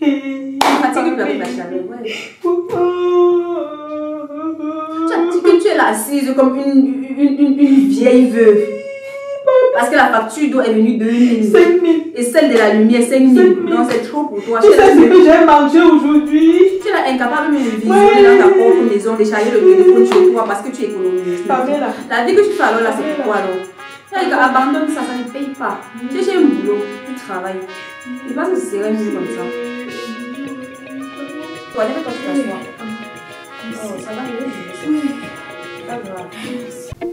Ouais. Tu as dit que tu es là assise comme une, une, une, vieille veuve. Parce que la facture d'eau est venue de 1000. 5000. Et celle de la lumière, 5000. Donc c'est trop pour toi. Tu sais ce que j'ai mangé aujourd'hui. Tu es incapable de vivre ouais. dans ta propre maison, de charger le téléphone chez toi parce que tu économises. La vie que tu fais alors là, c'est pour alors abandonne ça, ça ne paye pas. Mm. Tu chez un boulot, tu travailles. Je pense que c'est serait juste comme ça. Toi, allez, toi, tu moi ça va Ça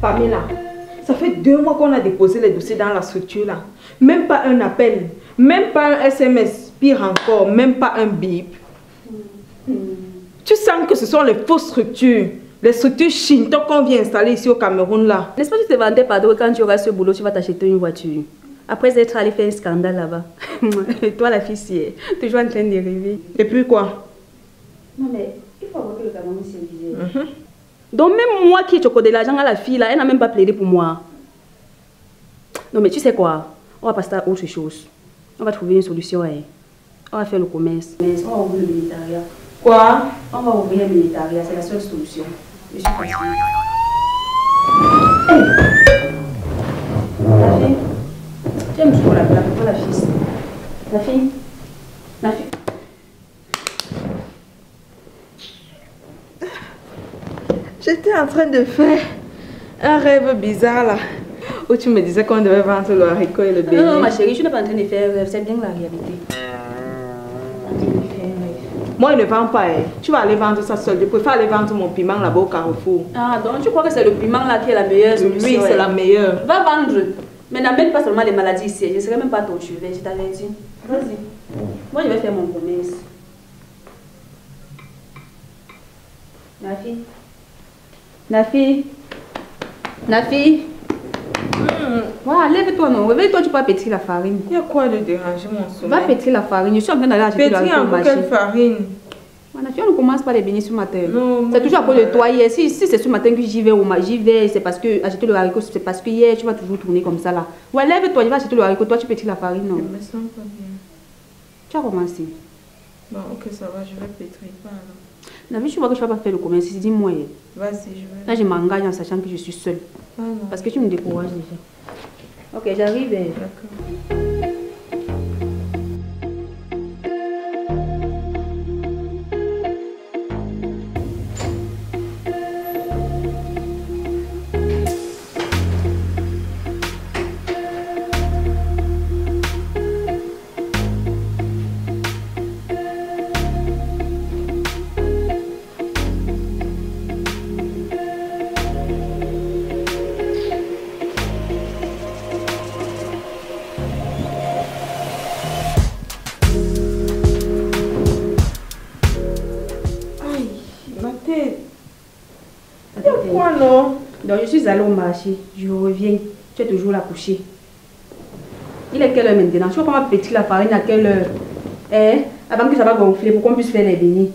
Pamela, ça fait deux mois qu'on a déposé les dossiers dans la structure là. Même pas un appel, même pas un SMS, pire encore, même pas un bip. Tu sens que ce sont les fausses structures, les structures Shinto qu'on vient installer ici au Cameroun là. N'est-ce pas que tu te vendais, pardon, quand tu auras ce boulot, tu vas t'acheter une voiture après être allé faire un scandale là-bas. [LAUGHS] toi, la fille, c'est eh, toujours en train de rêver. Et puis quoi Non, mais il faut avoir que le camion, s'est mm Donc, même moi qui ai choqué l'argent à la fille, là, elle n'a même pas plaidé pour moi. Non, mais tu sais quoi On va passer à autre chose. On va trouver une solution. Hein. On va faire le commerce. Mais on va ouvrir le militariat. Quoi On va ouvrir le militariat. C'est la seule solution. Je J'aime ce toujours la blague, la fille. La fille La fille J'étais en train de faire un rêve bizarre là, où tu me disais qu'on devait vendre le haricot et le bébé. Non, non, ma chérie, ne n'es pas en train de faire un euh, rêve, c'est bien la réalité. Moi, je ne vends pas. Hein. Tu vas aller vendre ça seul. Je préfère aller vendre mon piment là-bas au Carrefour. Ah, donc tu crois que c'est le piment là qui est la meilleure Oui, c'est hein? la meilleure. Va vendre. Mais n'amène pas seulement les maladies ici. Je ne serai même pas ton chevet, je t'avais dit. Vas-y. Mm. Moi, je vais faire mon promesse. Ma fille. Ma fille. lève-toi non, réveille-toi, tu peux pétrir la farine. Il y a quoi de déranger mon sommeil Va pétrir la farine, je suis en train d'aller acheter la farine. Pétrir en quelle farine tu ne commence par les bénis ce matin, c'est toujours à cause de toi hier. Euh, si, si c'est ce matin que j'y vais j'y vais, c'est parce que acheter le haricot, c'est parce que hier tu vas toujours tourner comme ça là. Ouais, lève-toi, je vais acheter le haricot, toi tu pétris la farine. Non. ça me sens pas bien. Tu as commencé. Bon, ok, ça va, je vais pétrir pas alors. tu vois que je ne vais pas faire le commerce, dis-moi. Vas-y, je vais. Là, je m'engage en sachant que je suis seule. Ah parce que tu me décourages déjà. Ok, j'arrive. Eh. D'accord. Je reviens. Tu es toujours là couchée. Il est quelle heure maintenant Tu vois comment petit la farine à quelle heure hein? Avant que ça va gonfler pour qu'on puisse faire les beignets.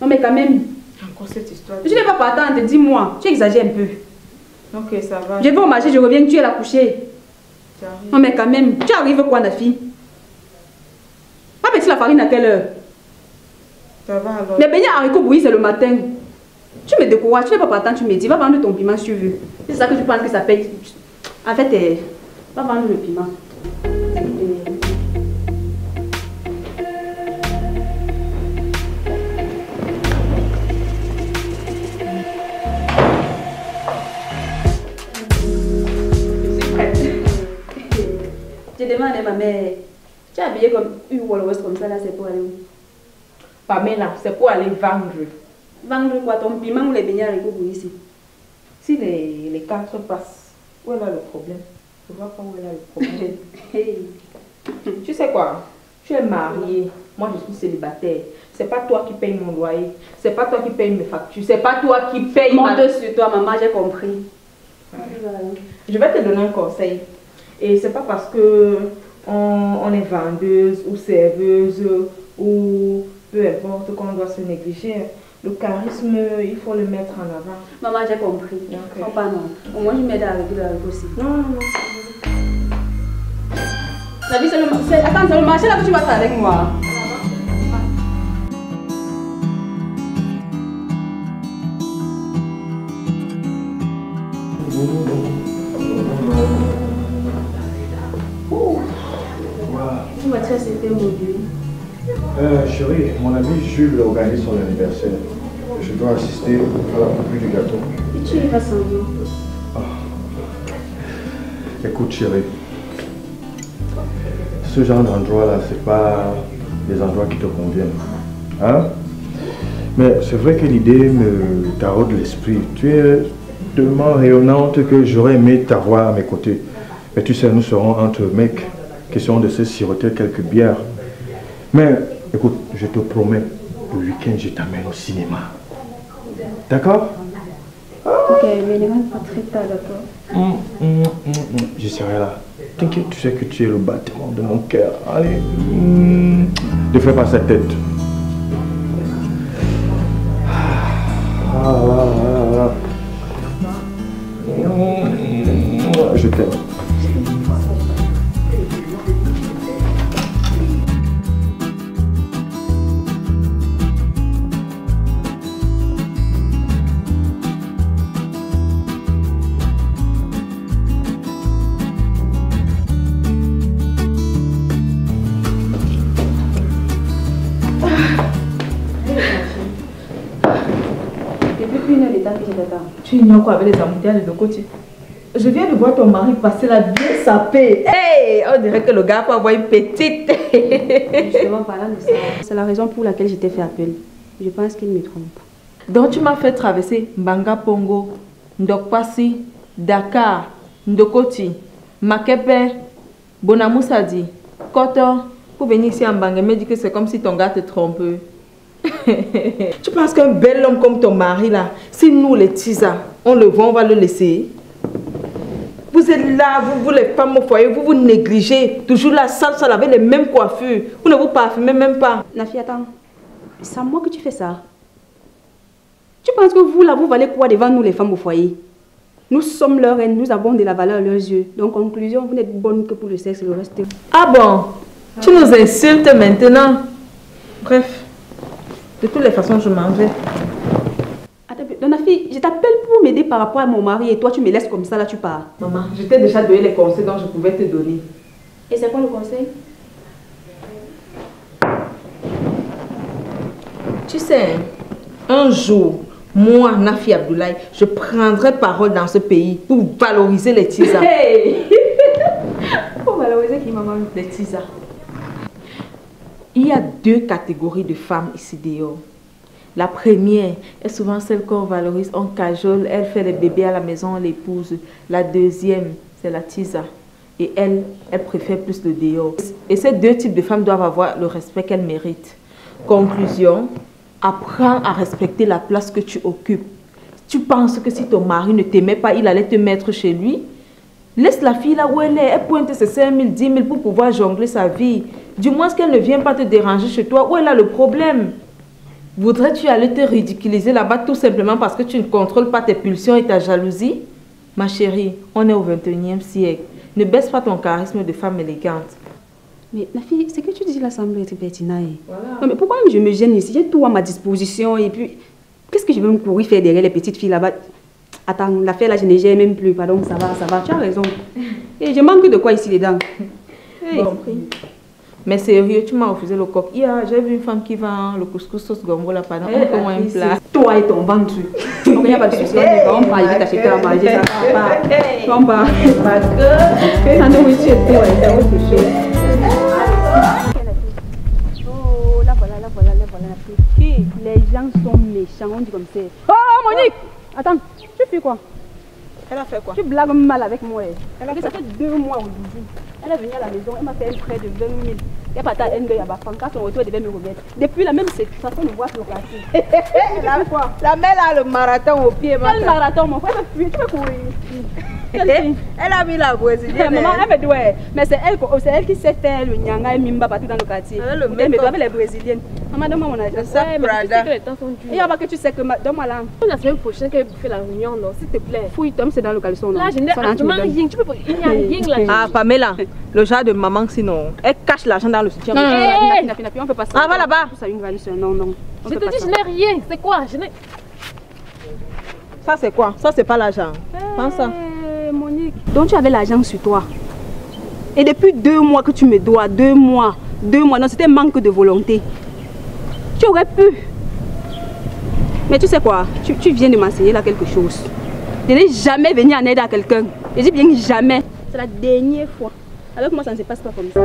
Non mais quand même. Encore cette histoire. Je n'ai pas attendre dis-moi. Tu exagères un peu. Ok, ça va. Je vais au marché, je reviens, tu es là couchée. Non mais quand même, tu arrives quoi la fille Pas petit la farine à quelle heure Ça va alors. Les beignets haricots bouillis c'est le matin. Tu me décourages, tu n'es pas partant, tu me dis, va vendre ton piment si tu veux. C'est ça que tu penses que ça paye. En fait, euh, va vendre le piment. [LAUGHS] Je demande à ma mère, tu es habillée comme une West comme ça, là, c'est pour aller où bah, là, c'est pour aller vendre. Vendre quoi Ton piment ou les beignets ici Si les, quatre passent, où est là le problème Je vois pas où est là le problème. [LAUGHS] Tu sais quoi Tu es mariée, moi je suis célibataire. C'est pas toi qui paye mon loyer, c'est pas toi qui paye mes factures, c'est pas toi qui paye Monte toi, maman, j'ai compris. Je vais te donner un conseil. Et c'est pas parce que on, est vendeuse ou serveuse ou peu importe qu'on doit se négliger le charisme, il faut le mettre en avant. Maman, j'ai compris. Okay. pas non. Au moins, je m'aide à le la aussi. Non, non, non. La vie, c'est le, marché..! attends, c'est le marché là que tu vas faire avec moi. Oh. Tu m'as très c'était euh, chérie, mon ami Jules organise son anniversaire. Je dois assister à la coupe du gâteau. Et tu pas sans nous ah. Écoute, chérie, ce genre d'endroit-là, n'est pas des endroits qui te conviennent. Hein? Mais c'est vrai que l'idée me taraude l'esprit. Tu es tellement rayonnante que j'aurais aimé t'avoir à mes côtés. Mais tu sais, nous serons entre mecs, question de se siroter quelques bières. Mais Écoute, je te promets, le week-end, je t'amène au cinéma. D'accord Ok, mais ne pas très tard, d'accord hum, hum, hum, Je serai là. T'inquiète, tu sais que tu es le bâtiment de mon cœur. Allez, ne fais pas sa tête. Ah, ah, ah, je t'aime. Je viens de voir ton mari passer la bien sapée. Hey, on dirait que le gars peut avoir une petite. c'est la raison pour laquelle je t'ai fait appel. Je pense qu'il me trompe. Donc, tu m'as fait traverser Banga Pongo, Ndokpasi, Dakar, Ndokoti, Makepe, Bonamoussadi, Koto pour venir ici en Banga Mais dis que c'est comme si ton gars te trompe tu penses qu'un bel homme comme ton mari, là, si nous les tisa on le voit, on va le laisser Vous êtes là, vous, vous les femmes au foyer, vous vous négligez. Toujours la salle, sale avec les mêmes coiffures. Vous ne vous parfumez même pas. Nafi, attends. C'est à moi que tu fais ça. Tu penses que vous, là, vous valez quoi devant nous, les femmes au foyer nous sommes leur reine, nous avons de la valeur à leurs yeux. Donc, conclusion, vous n'êtes bonne que pour le sexe, le reste. Ah bon Tu nous insultes maintenant Bref. De toutes les façons, je m'en vais. Attends, ah, fille, je t'appelle pour m'aider par rapport à mon mari et toi, tu me laisses comme ça, là, tu pars. Maman, je t'ai déjà donné les conseils dont je pouvais te donner. Et c'est quoi le conseil Tu sais, un jour, moi, Nafi Abdoulaye, je prendrai parole dans ce pays pour valoriser les tisas. [LAUGHS] pour valoriser qui, maman Les tisas. Il y a deux catégories de femmes ici dehors. La première est souvent celle qu'on valorise, on cajole, elle fait les bébés à la maison, on l'épouse. La deuxième, c'est la tisa. Et elle, elle préfère plus le dehors. Et ces deux types de femmes doivent avoir le respect qu'elles méritent. Conclusion, apprends à respecter la place que tu occupes. Tu penses que si ton mari ne t'aimait pas, il allait te mettre chez lui Laisse la fille là où elle est. Elle pointe ses 5 000, 10 000 pour pouvoir jongler sa vie. Du moins, est-ce qu'elle ne vient pas te déranger chez toi, où elle a le problème Voudrais-tu aller te ridiculiser là-bas tout simplement parce que tu ne contrôles pas tes pulsions et ta jalousie Ma chérie, on est au 21e siècle. Ne baisse pas ton charisme de femme élégante. Mais la fille, ce que tu dis là semble être pertinent. Non, mais pourquoi je me gêne ici J'ai tout à ma disposition et puis... Qu'est-ce que je vais me courir faire derrière les petites filles là-bas Attends, l'affaire là, je ne gère même plus. Pardon, ça va, ça va. Tu as raison. [LAUGHS] Et eh, je manque de quoi ici dedans. Bon. Mais sérieux, tu m'as refusé le coq. Hier, j'ai vu une femme qui vend le couscous sauce gombo là pendant hey, un moins plat. Toi et ton ventre. Il [LAUGHS] n'y a pas de souci. On va aller t'acheter à manger. Ça va. On va. Parce que. Ça nous c'est toi. C'est autre Oh, là voilà, là voilà, là voilà. Les gens sont méchants, on dit comme ça. Oh, Monique oh, Attends suffit quoi. Elle a fait quoi Tu blagues mal avec moi. Elle a fait... Ça fait deux mois aujourd'hui. Elle est venue à la maison, elle m'a fait un prêt de 20 000. Elle partait à N2, à ma pancarte, on retour, elle devait me remettre. Depuis la même façon de voir le la, quoi la mère a le marathon au pied. Quel marathon, mon frère Elle fuit, tu veux courir. [LAUGHS] Elle a mis la brésilienne. Maman, elle me dit, ouais. Mais c'est elle, c'est elle qui s'est fait le nyanga et mimba partout dans le quartier. Elle me dit, avec les brésiliennes. Maman, donne-moi mon adresse. Ouais, mais tu sais que temps Et avant que tu sais que, ma donne-moi a La semaine prochaine, qu'elle fait la réunion, non, s'il te plaît. Fouille, toi, c'est dans le caleçon. Là, je n'ai absolument rien. Tu peux, il n'y a rien là. Ah, Pamela le genre de maman, sinon, elle cache l'argent dans le soutien. Non, non, on peut pas Ah, là-bas. je te dis, je n'ai rien. C'est quoi Ça, c'est quoi Ça, c'est pas l'argent. Hey, ça. Euh, Monique. Donc, tu avais l'argent sur toi. Et depuis deux mois que tu me dois, deux mois, deux mois, non, c'était manque de volonté. Tu aurais pu. Mais tu sais quoi Tu, tu viens de m'enseigner là quelque chose. Je n'ai jamais venu en aide à quelqu'un. Je dis bien jamais. C'est la dernière fois. Avec moi, ça ne se passe pas comme ça.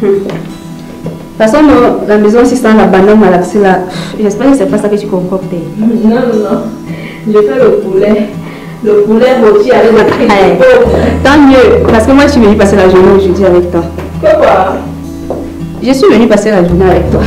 De toute façon, la maison c'est un abandon malaxé là. J'espère que ce n'est pas ça que tu concoctes. Non, non, non. Je fais le poulet. Le poulet rôti avec la crème. Eh, tant mieux, parce que moi je suis venue passer la journée aujourd'hui avec toi. Quoi Je suis venue passer la journée avec toi.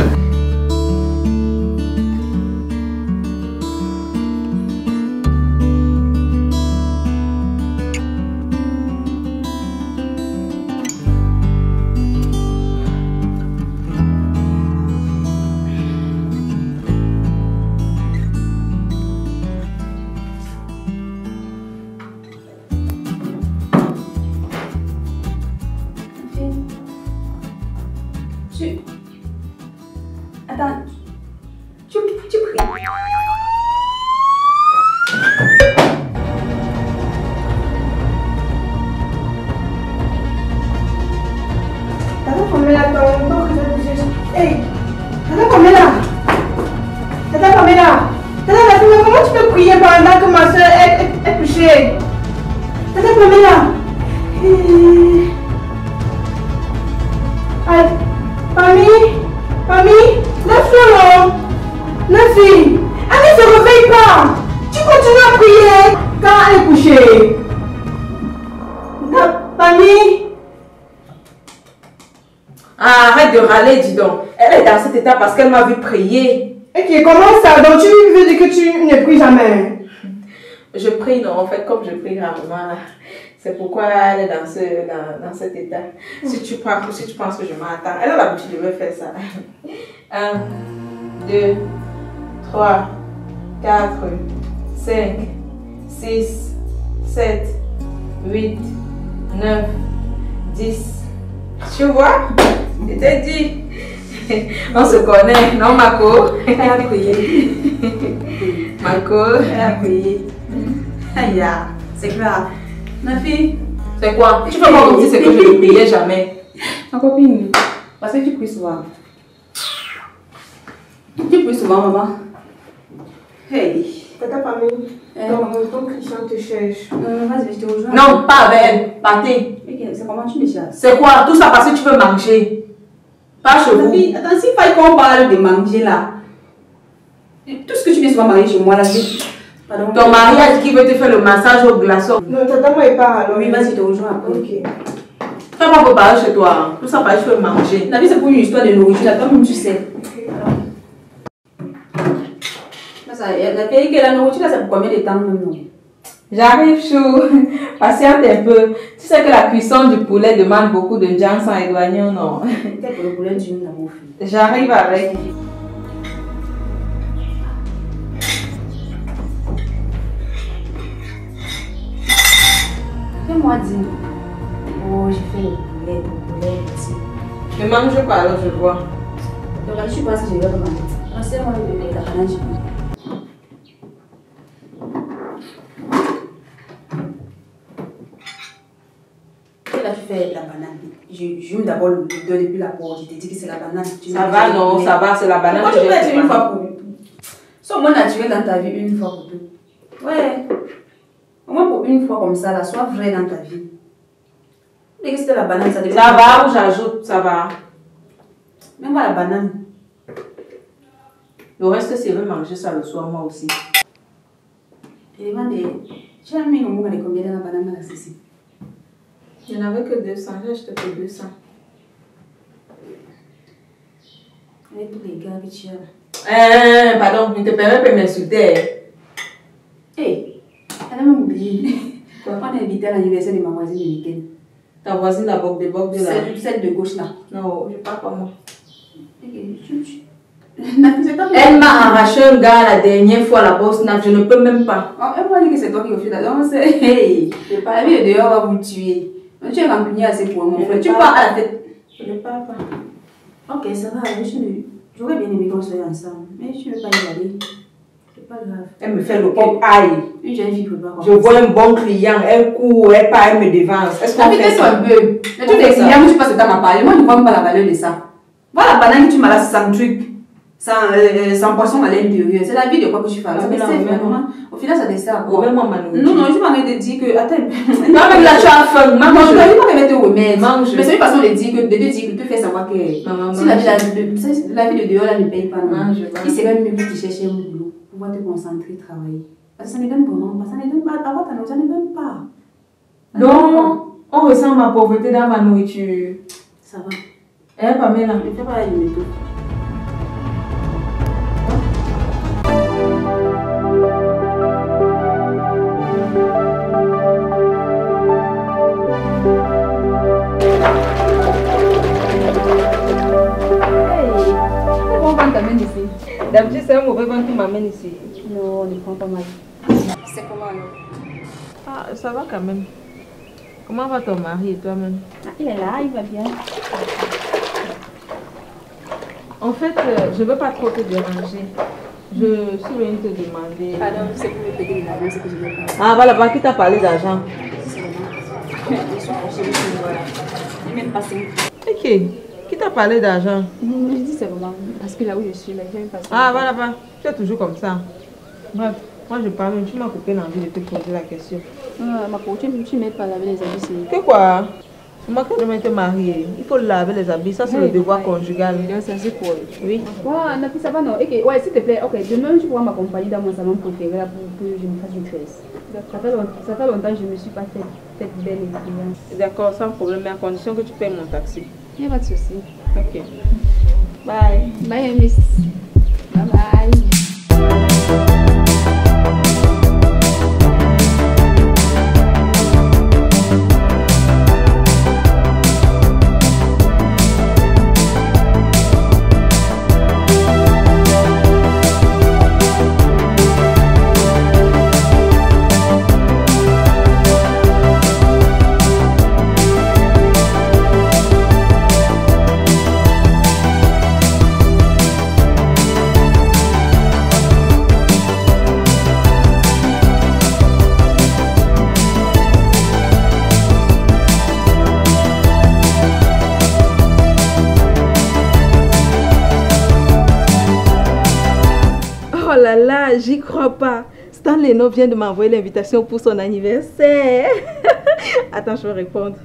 elle m'a vu prier. Et qui comment ça Donc tu veux dire que tu ne pries jamais Je prie, non, en fait, comme je prie rarement, c'est pourquoi elle est dans, ce, dans, cet état. Si, tu prends, tu penses que je m'attends, elle a l'habitude de me faire ça. 1, 2, 3, 4, 5, 6, 7, 8, 9, 10. Tu vois il dit. [LAUGHS] on se connaît, non Marco [LAUGHS] Marco ah, C'est quoi? Ma fille. C'est quoi Tu peux pas me dire que je ne payais jamais. Ma copine, parce que tu pries souvent. Tu pries souvent, maman. Hey. Tata pas Euh, non, maman, ton Christian te cherche. Euh, vas-y, je te rejoins. Non, pas avec elle. Partez. C'est comment tu me cherches C'est quoi Tout ça parce que tu veux manger. Attends, si on qu'on parle de manger là, tout ce que tu viens souvent marié chez moi là, c'est. Ton mariage qui veut te faire le massage au glaçon. Non, t'attends, moi, il pas alors. Oui, vas-y, te rejoins après. Ok. moi pas parler chez toi. Hein. Tout ça, pas je peux manger. La vie, c'est pour une histoire de nourriture, comme tu sais. La vérité, la nourriture, là, c'est pour combien de temps maintenant J'arrive chaud. [LAUGHS] Patiente un peu. Tu sais que la cuisson du poulet demande beaucoup de gens sans éloigner non [LAUGHS] J'arrive avec. Fais-moi dire. Oh, j'ai fait le poulet, le poulet, le Je mange pas alors je vois. Donc, je suis pas si je vais manger. passez moi le bébé, la que là tu fais la banane Je jume d'abord le depuis la porte. Je te dis que c'est la banane. ça va, non, ça va, c'est la banane. Moi, tu peux être une fois pour Sois moins naturel dans ta vie, une fois pour deux. Ouais. Au moins pour une fois comme ça, la sois vrai dans ta vie. Dès que c'était la banane, ça va ou j'ajoute, ça va. Même moi, la banane. Le reste, c'est vrai, manger ça le soir, moi aussi. Et demandez, j'ai un on les combien de la banane à la je n'avais que 200, j'ai acheté que 200. Avec tous les gars que tu hein, pardon, je ne te permets pas de m'insulter. Hé, hey, elle a même oublié. Quoi? On est invité à l'anniversaire de ma voisine le week Ta voisine, la boque de boque de la. Celle de gauche là. Non, je parle [LAUGHS] pas moi. Elle m'a arraché un gars la dernière fois à la bosse snap, je ne peux même pas. Oh, elle m'a dit que c'est toi qui refuse la danse. Hey, la vie de dehors va vous tuer. Tu es rancunier assez pour mon frère. Tu pars à la tête. Je ne pars pas. Ok, ça va. J'aurais bien aimé qu'on soit ensemble. Mais je ne veux pas y aller. Pas grave. Elle me fait le pop aïe. Une jeune fille peut pas Je vois un bon client, elle court, elle part, elle me dévance. Est-ce qu'on fait ça un peu. Il tous clients tu passes le temps à parler. Moi, je ne vois même pas la valeur de ça. Voilà banane tu m'as là, sans un truc sans, euh, sans poisson à l'intérieur. C'est la vie de quoi que tu suis ah, Mais Au final, ça te à quoi Non, non, je m'arrête de dire que. Attends. [LAUGHS] même là, tu as faim. Mange. Je vais te remettre. Mange. Mais c'est une façon de dire que. De te dire que tu fais savoir que. Si la vie, la vie de dehors, elle ne paye pas. Mange. Il serait mieux que tu cherches un boulot pour pouvoir te concentrer, travailler. Parce que ça ne donne pas. Ça ne donne pas. nourriture ça ne donne pas. Donc, on ressent ma pauvreté dans ma nourriture. Ça va. Eh, Pamela. Je ne pas la D'habitude, c'est un mauvais vent qui m'amène ici. Non, on ne prend pas mal. C'est comment alors Ah, ça va quand même. Comment va ton mari et toi-même ah, Il est là, il va bien. En fait, euh, je ne veux pas trop te déranger. Je suis venue te demander. Pardon, c'est pour me payer l'argent, c'est que je veux pas. Ah, voilà, bah, qui t'a parlé d'argent C'est vraiment. Et même pas Ok as parlé d'argent Je dis c'est vraiment parce que là où je suis, mais j'aime pas ça. Ah, voilà, Tu es toujours comme ça. Bref, moi je parle, tu m'as coupé l'envie de te poser la question. Ah, ma pauvre, tu ne m'aides pas laver les habits. Que quoi que quand me m'étais mariée. il faut laver les habits, ça c'est le devoir oui. conjugal. Oui. Voilà, ça va non Ok, ouais, s'il te plaît, ok, demain tu pourras m'accompagner dans mon salon préféré là, pour que je me fasse une tresse. Ça fait, longtemps, que je ne me suis pas fait cette belle expérience. D'accord, sans problème, mais à condition que tu payes mon taxi. Yeah, but you see. Okay. Bye. Bye, Miss. Bye bye. pas. Stan Leno vient de m'envoyer l'invitation pour son anniversaire. [LAUGHS] Attends, je vais répondre.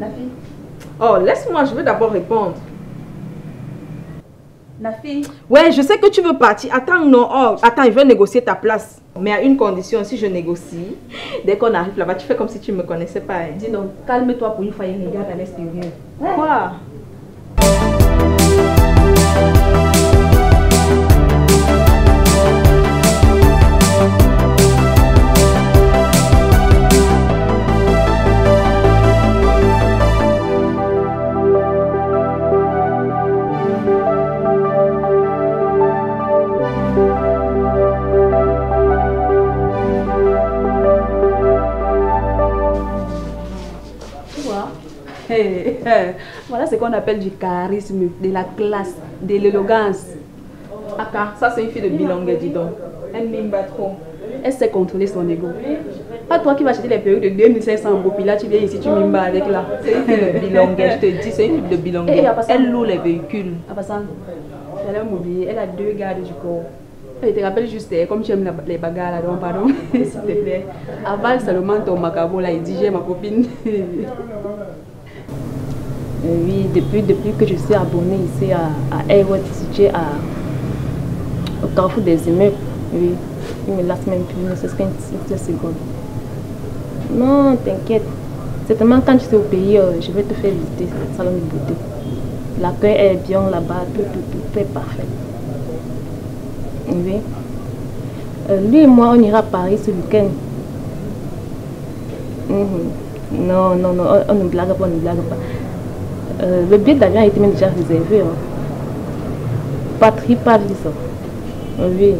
La fille. Oh, laisse-moi, je veux d'abord répondre. La fille. Ouais, je sais que tu veux partir. Attends, non. Oh, attends, je vais négocier ta place. Mais à une condition, si je négocie, dès qu'on arrive là-bas, tu fais comme si tu ne me connaissais pas. Hein. Dis donc, calme-toi pour une fois et regarde à l'extérieur. Quoi 你好，嘿。Voilà ce qu'on appelle du charisme, de la classe, de l'élégance. Aka, ça c'est une fille de bilingue, dis donc. Elle m'imbat trop. Elle sait contrôler son ego. Pas toi qui vas acheter les perruques de 2500 euros, là tu viens ici, tu m'imbas avec là. C'est une fille de je te dis, c'est une fille de bilangue. Eh, elle loue les véhicules. À a j'allais elle a deux gardes du corps. Je te rappelle juste, eh, comme tu aimes les bagarres là, dedans pardon, [LAUGHS] s'il te plaît. Avale seulement ton macabre là, il dit j'ai ma copine. [LAUGHS] oui, depuis, depuis que je suis abonnée ici à, à Airwatt, au carrefour des immeubles, oui, il me lasse même plus, ne serait-ce qu'une seconde. Non, t'inquiète. Certainement, quand tu seras au pays, je vais te faire visiter le salon de beauté. L'accueil est bien là-bas, tout, tout, tout, tout est parfait. Oui. Euh, lui et moi, on ira à Paris ce week-end. Mhm. Non, non, non, on ne blague pas, on ne blague pas. Euh, le billet d'avion a été même déjà réservé. Hein. Patrick Paris. ça. Oui.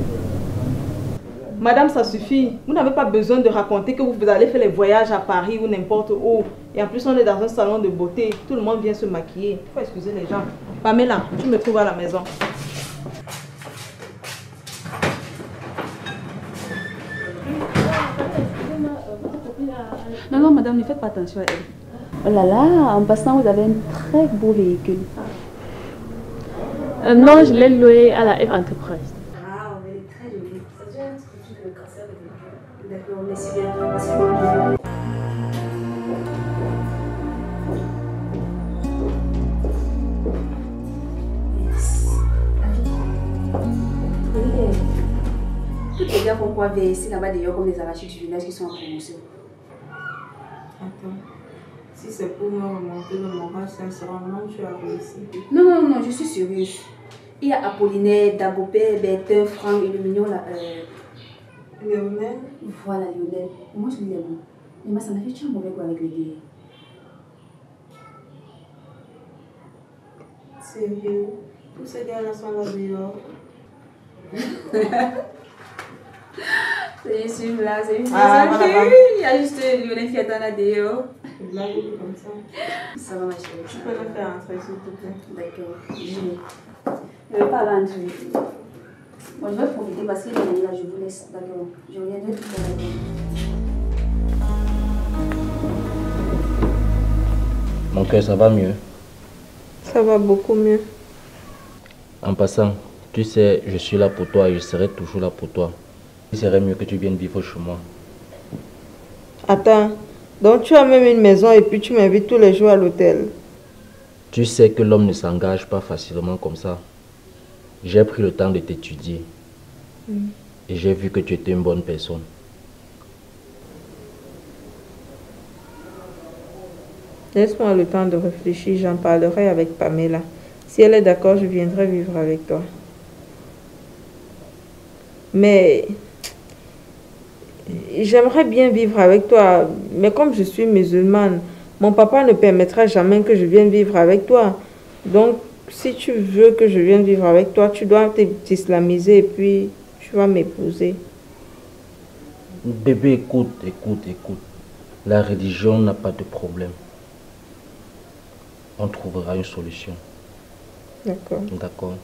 Madame, ça suffit. Vous n'avez pas besoin de raconter que vous allez faire les voyages à Paris ou n'importe où. Et en plus, on est dans un salon de beauté. Tout le monde vient se maquiller. Il faut excuser les gens. Pamela, tu me trouves à la maison. Non, non, madame, ne faites pas attention à elle. Oh là là, en passant, vous avez un très beau véhicule. non, je l'ai loué à la F Enterprise. Ah, on est très jolie. Ça déjà un petit peu le cancer de D'accord, mais Très bien. Eh. Toutes les gars qu'on voit ici là-bas d'ailleurs comme des arrachés du village qui sont en promotion. Attends. Si c'est pour me remonter le moral, sincèrement, tu as réussi. Non, non, non, je suis sérieuse. Il y a Apollinaire, Dagobert, Bertin, Franck et le mignon là. Euh, Lionel Voilà, Lionel. Moi, je l'aime. Mais m'a ça m'a fait un mauvais goût avec les gays. Sérieux Tous ces gars-là sont là dehors. [LAUGHS] C'est une c'est une Ah, Il y a juste Lionel qui attend là la Une comme ça. Ça va, ma chérie. Tu peux me faire un truc, s'il te plaît. D'accord, je vais. Je ne vais pas aller Bon, je vais profiter parce que là, je vous laisse. D'accord, je reviens tout à Mon cœur, ça va mieux Ça va beaucoup mieux. En passant, tu sais, je suis là pour toi et je serai toujours là pour toi. Il serait mieux que tu viennes vivre chez moi. Attends, donc tu as même une maison et puis tu m'invites tous les jours à l'hôtel. Tu sais que l'homme ne s'engage pas facilement comme ça. J'ai pris le temps de t'étudier. Mm. Et j'ai vu que tu étais une bonne personne. Laisse-moi le temps de réfléchir, j'en parlerai avec Pamela. Si elle est d'accord, je viendrai vivre avec toi. Mais j'aimerais bien vivre avec toi, mais comme je suis musulmane, mon papa ne permettra jamais que je vienne vivre avec toi. Donc, si tu veux que je vienne vivre avec toi, tu dois t'islamiser et puis tu vas m'épouser. Bébé, écoute, écoute, écoute. La religion n'a pas de problème. On trouvera une solution. D'accord. D'accord.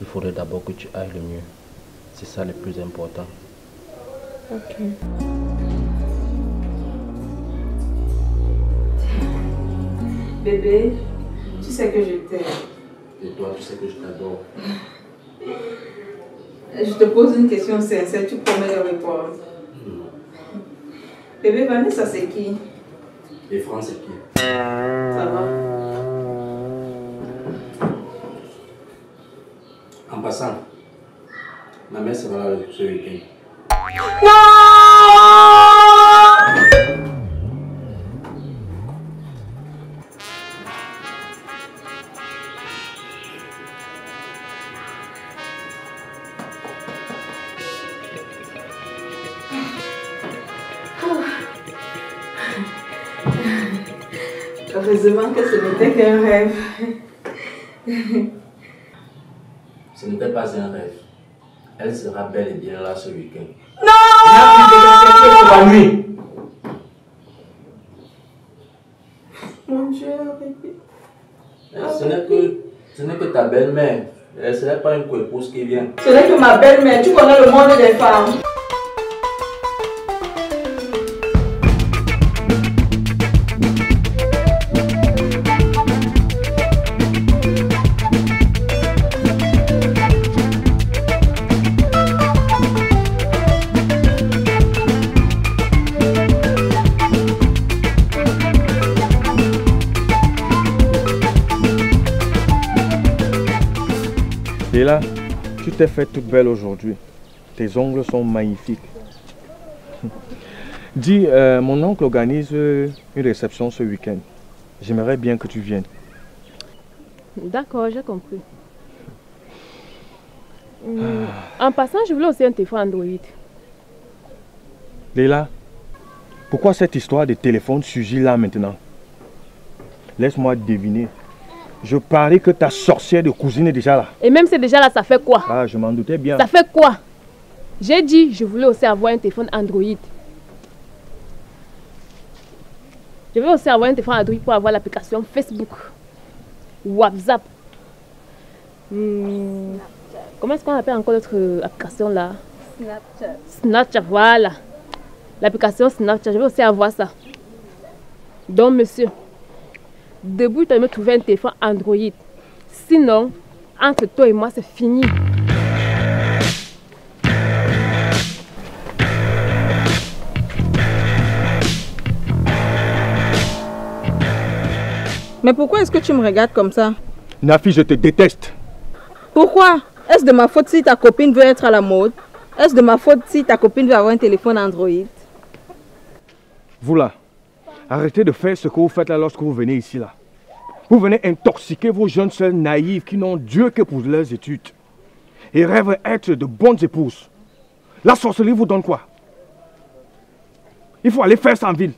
Il faudrait d'abord que tu ailles le mieux. C'est ça le plus important. Ok. Bébé, tu sais que je t'aime. Et toi, tu sais que je t'adore. [LAUGHS] Je te pose une question sincère, tu promets de répondre. Hmm. Bébé Vanessa, c'est qui Les Français. c'est qui Ça va. En passant, ma mère va là ce week-end. Heureusement que ce n'était qu'un rêve. ce n'était pas un rêve. Elle sera belle et bien là ce week-end. Non Il n'y a plus de nuit. Mon Dieu, Ce n'est que, ce n'est que ta belle-mère. Ce n'est pas une coépouse qui vient. Ce n'est que ma belle-mère. Tu connais le monde des femmes. Léla, tu t'es fait toute belle aujourd'hui. Tes ongles sont magnifiques. [LAUGHS] Dis, euh, mon oncle organise une réception ce week-end. J'aimerais bien que tu viennes. D'accord, j'ai compris. Euh, en passant, je voulais aussi un téléphone Android. Léla, pourquoi cette histoire de téléphone surgit là maintenant Laisse-moi deviner. Je parie que ta sorcière de cousine est déjà là. Et même si c'est déjà là, ça fait quoi Ah, je m'en doutais bien. Ça fait quoi J'ai dit, je voulais aussi avoir un téléphone Android. Je veux aussi avoir un téléphone Android pour avoir l'application Facebook, WhatsApp. Hmm. Comment est-ce qu'on appelle encore notre euh, application là Snapchat. Snapchat, voilà. L'application Snapchat, je veux aussi avoir ça. Donc, monsieur, Debout, tu même trouver un téléphone Android. Sinon, entre toi et moi, c'est fini. Mais pourquoi est-ce que tu me regardes comme ça Nafi, je te déteste. Pourquoi Est-ce de ma faute si ta copine veut être à la mode Est-ce de ma faute si ta copine veut avoir un téléphone Android Voilà Arrêtez de faire ce que vous faites là lorsque vous venez ici là. Vous venez intoxiquer vos jeunes seuls naïves qui n'ont Dieu que pour leurs études. Et rêvent être de bonnes épouses. La sorcellerie vous donne quoi Il faut aller faire ça en ville.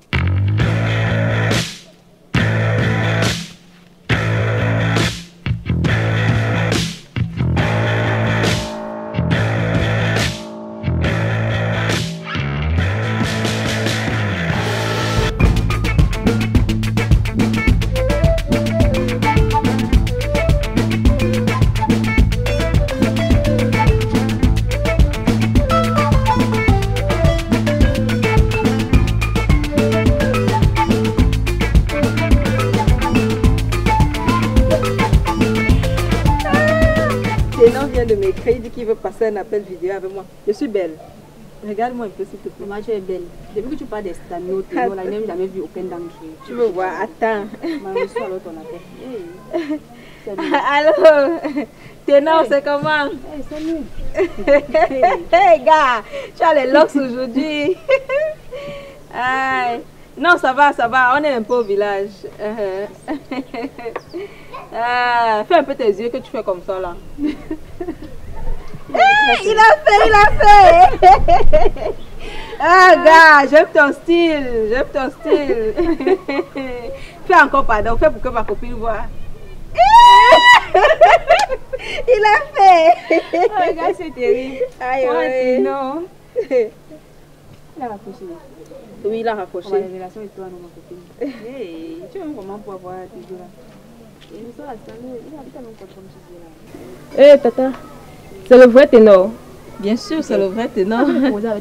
un appel vidéo avec moi. Je suis belle. Regarde-moi un peu, s'il te plaît. Maman, tu es belle. Depuis que tu parles des stanotes, la n'ai jamais vu aucun danger. Tu veux voir Attends. alors [LAUGHS] Allô Ténor, c'est comment hey, C'est hey, gars, tu as les locks aujourd'hui. [LAUGHS] non, ça va, ça va. On est un peu au village. [LAUGHS] Ah, fais un peu tes yeux que tu fais comme ça là. [LAUGHS] il a fait, il a fait. [LAUGHS] Ah, gars, j'aime ton style, j'aime ton style. [LAUGHS] fais encore pardon, fais pour que ma copine voit. il a fait. Ah, oh, gars, c'est terrible. Aïe, aïe, non. Il a rapproché. Oui, il l'a rapproché. Ma révélation est toi, non, ma copine. Hey, tu vois comment pour avoir des gars? là. il habite à mon compte comme tu là. Hé, hey, tata. C'est le vrai ténor. Bien sûr, c'est le vrai ténor. c'est le vrai ténor.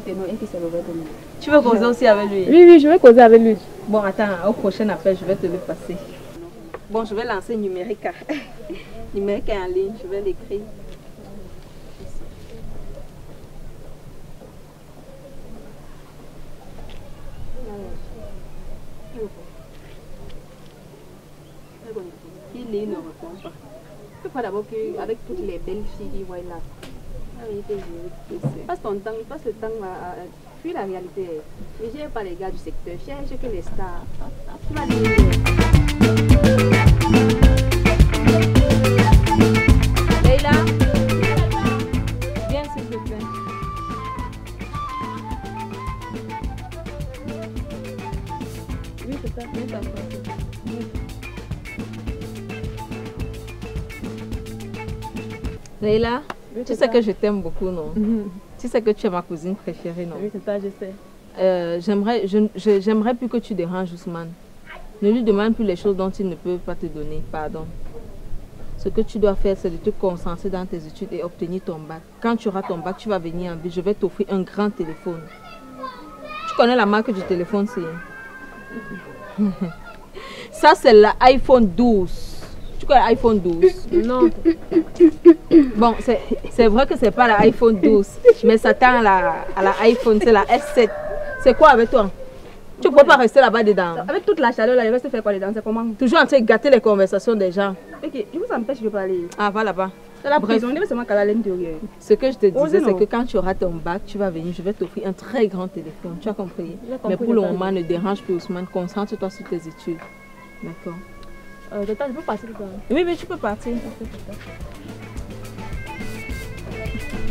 Tu veux causer aussi avec lui Oui, oui, je veux causer avec lui. Bon, attends, au prochain appel, je vais te le passer. Bon, je vais lancer Numérica. [LAUGHS] Numérica en ligne, je vais l'écrire. Il ne répond pas. Je crois d'abord qu'avec toutes les belles filles là, Passe ton temps, qu'on passe le temps à, la réalité. Mais j'aime pas les gars du secteur, cherche que les stars. Tu m'as dit. Leïla, viens s'il vous plaît. Oui, c'est ça, viens t'asseoir. Leïla tu sais que je t'aime beaucoup, non mhm. Tu sais que tu es ma cousine préférée, non Oui, c'est ça, je sais. Euh, j'aimerais, j'aimerais plus que tu déranges Ousmane. Ne lui demande plus les choses dont il ne peut pas te donner, pardon. Ce que tu dois faire, c'est de te concentrer dans tes études et obtenir ton bac. Quand tu auras ton bac, tu vas venir en ville. Je vais t'offrir un grand téléphone. Tu connais la marque du téléphone, c'est... [LAUGHS] Ça, c'est l'iPhone 12 tu l'iphone 12 Non. Bon, c'est vrai que c'est pas l'iphone 12, mais ça tend à la, à c'est la S7. C'est quoi avec toi Tu peux pas rester là-bas dedans. Avec toute la chaleur là, je vais se faire quoi dedans C'est comment Toujours en train de gâter les conversations des gens. Ok, je vous empêche de parler. Ah, va là-bas. C'est la l'intérieur. Ce que je te disais, c'est que quand tu auras ton bac, tu vas venir, je vais t'offrir un très grand téléphone. Tu as compris, compris Mais pour le moment, ne dérange plus Ousmane, concentre-toi sur tes études. D'accord euh, je peux partir Oui, mais tu peux partir.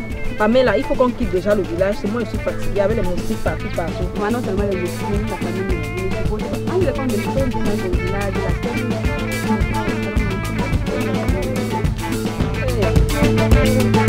il faut qu'on quitte déjà le village. moi, je suis fatiguée avec les moustiques partout, partout. seulement les la famille,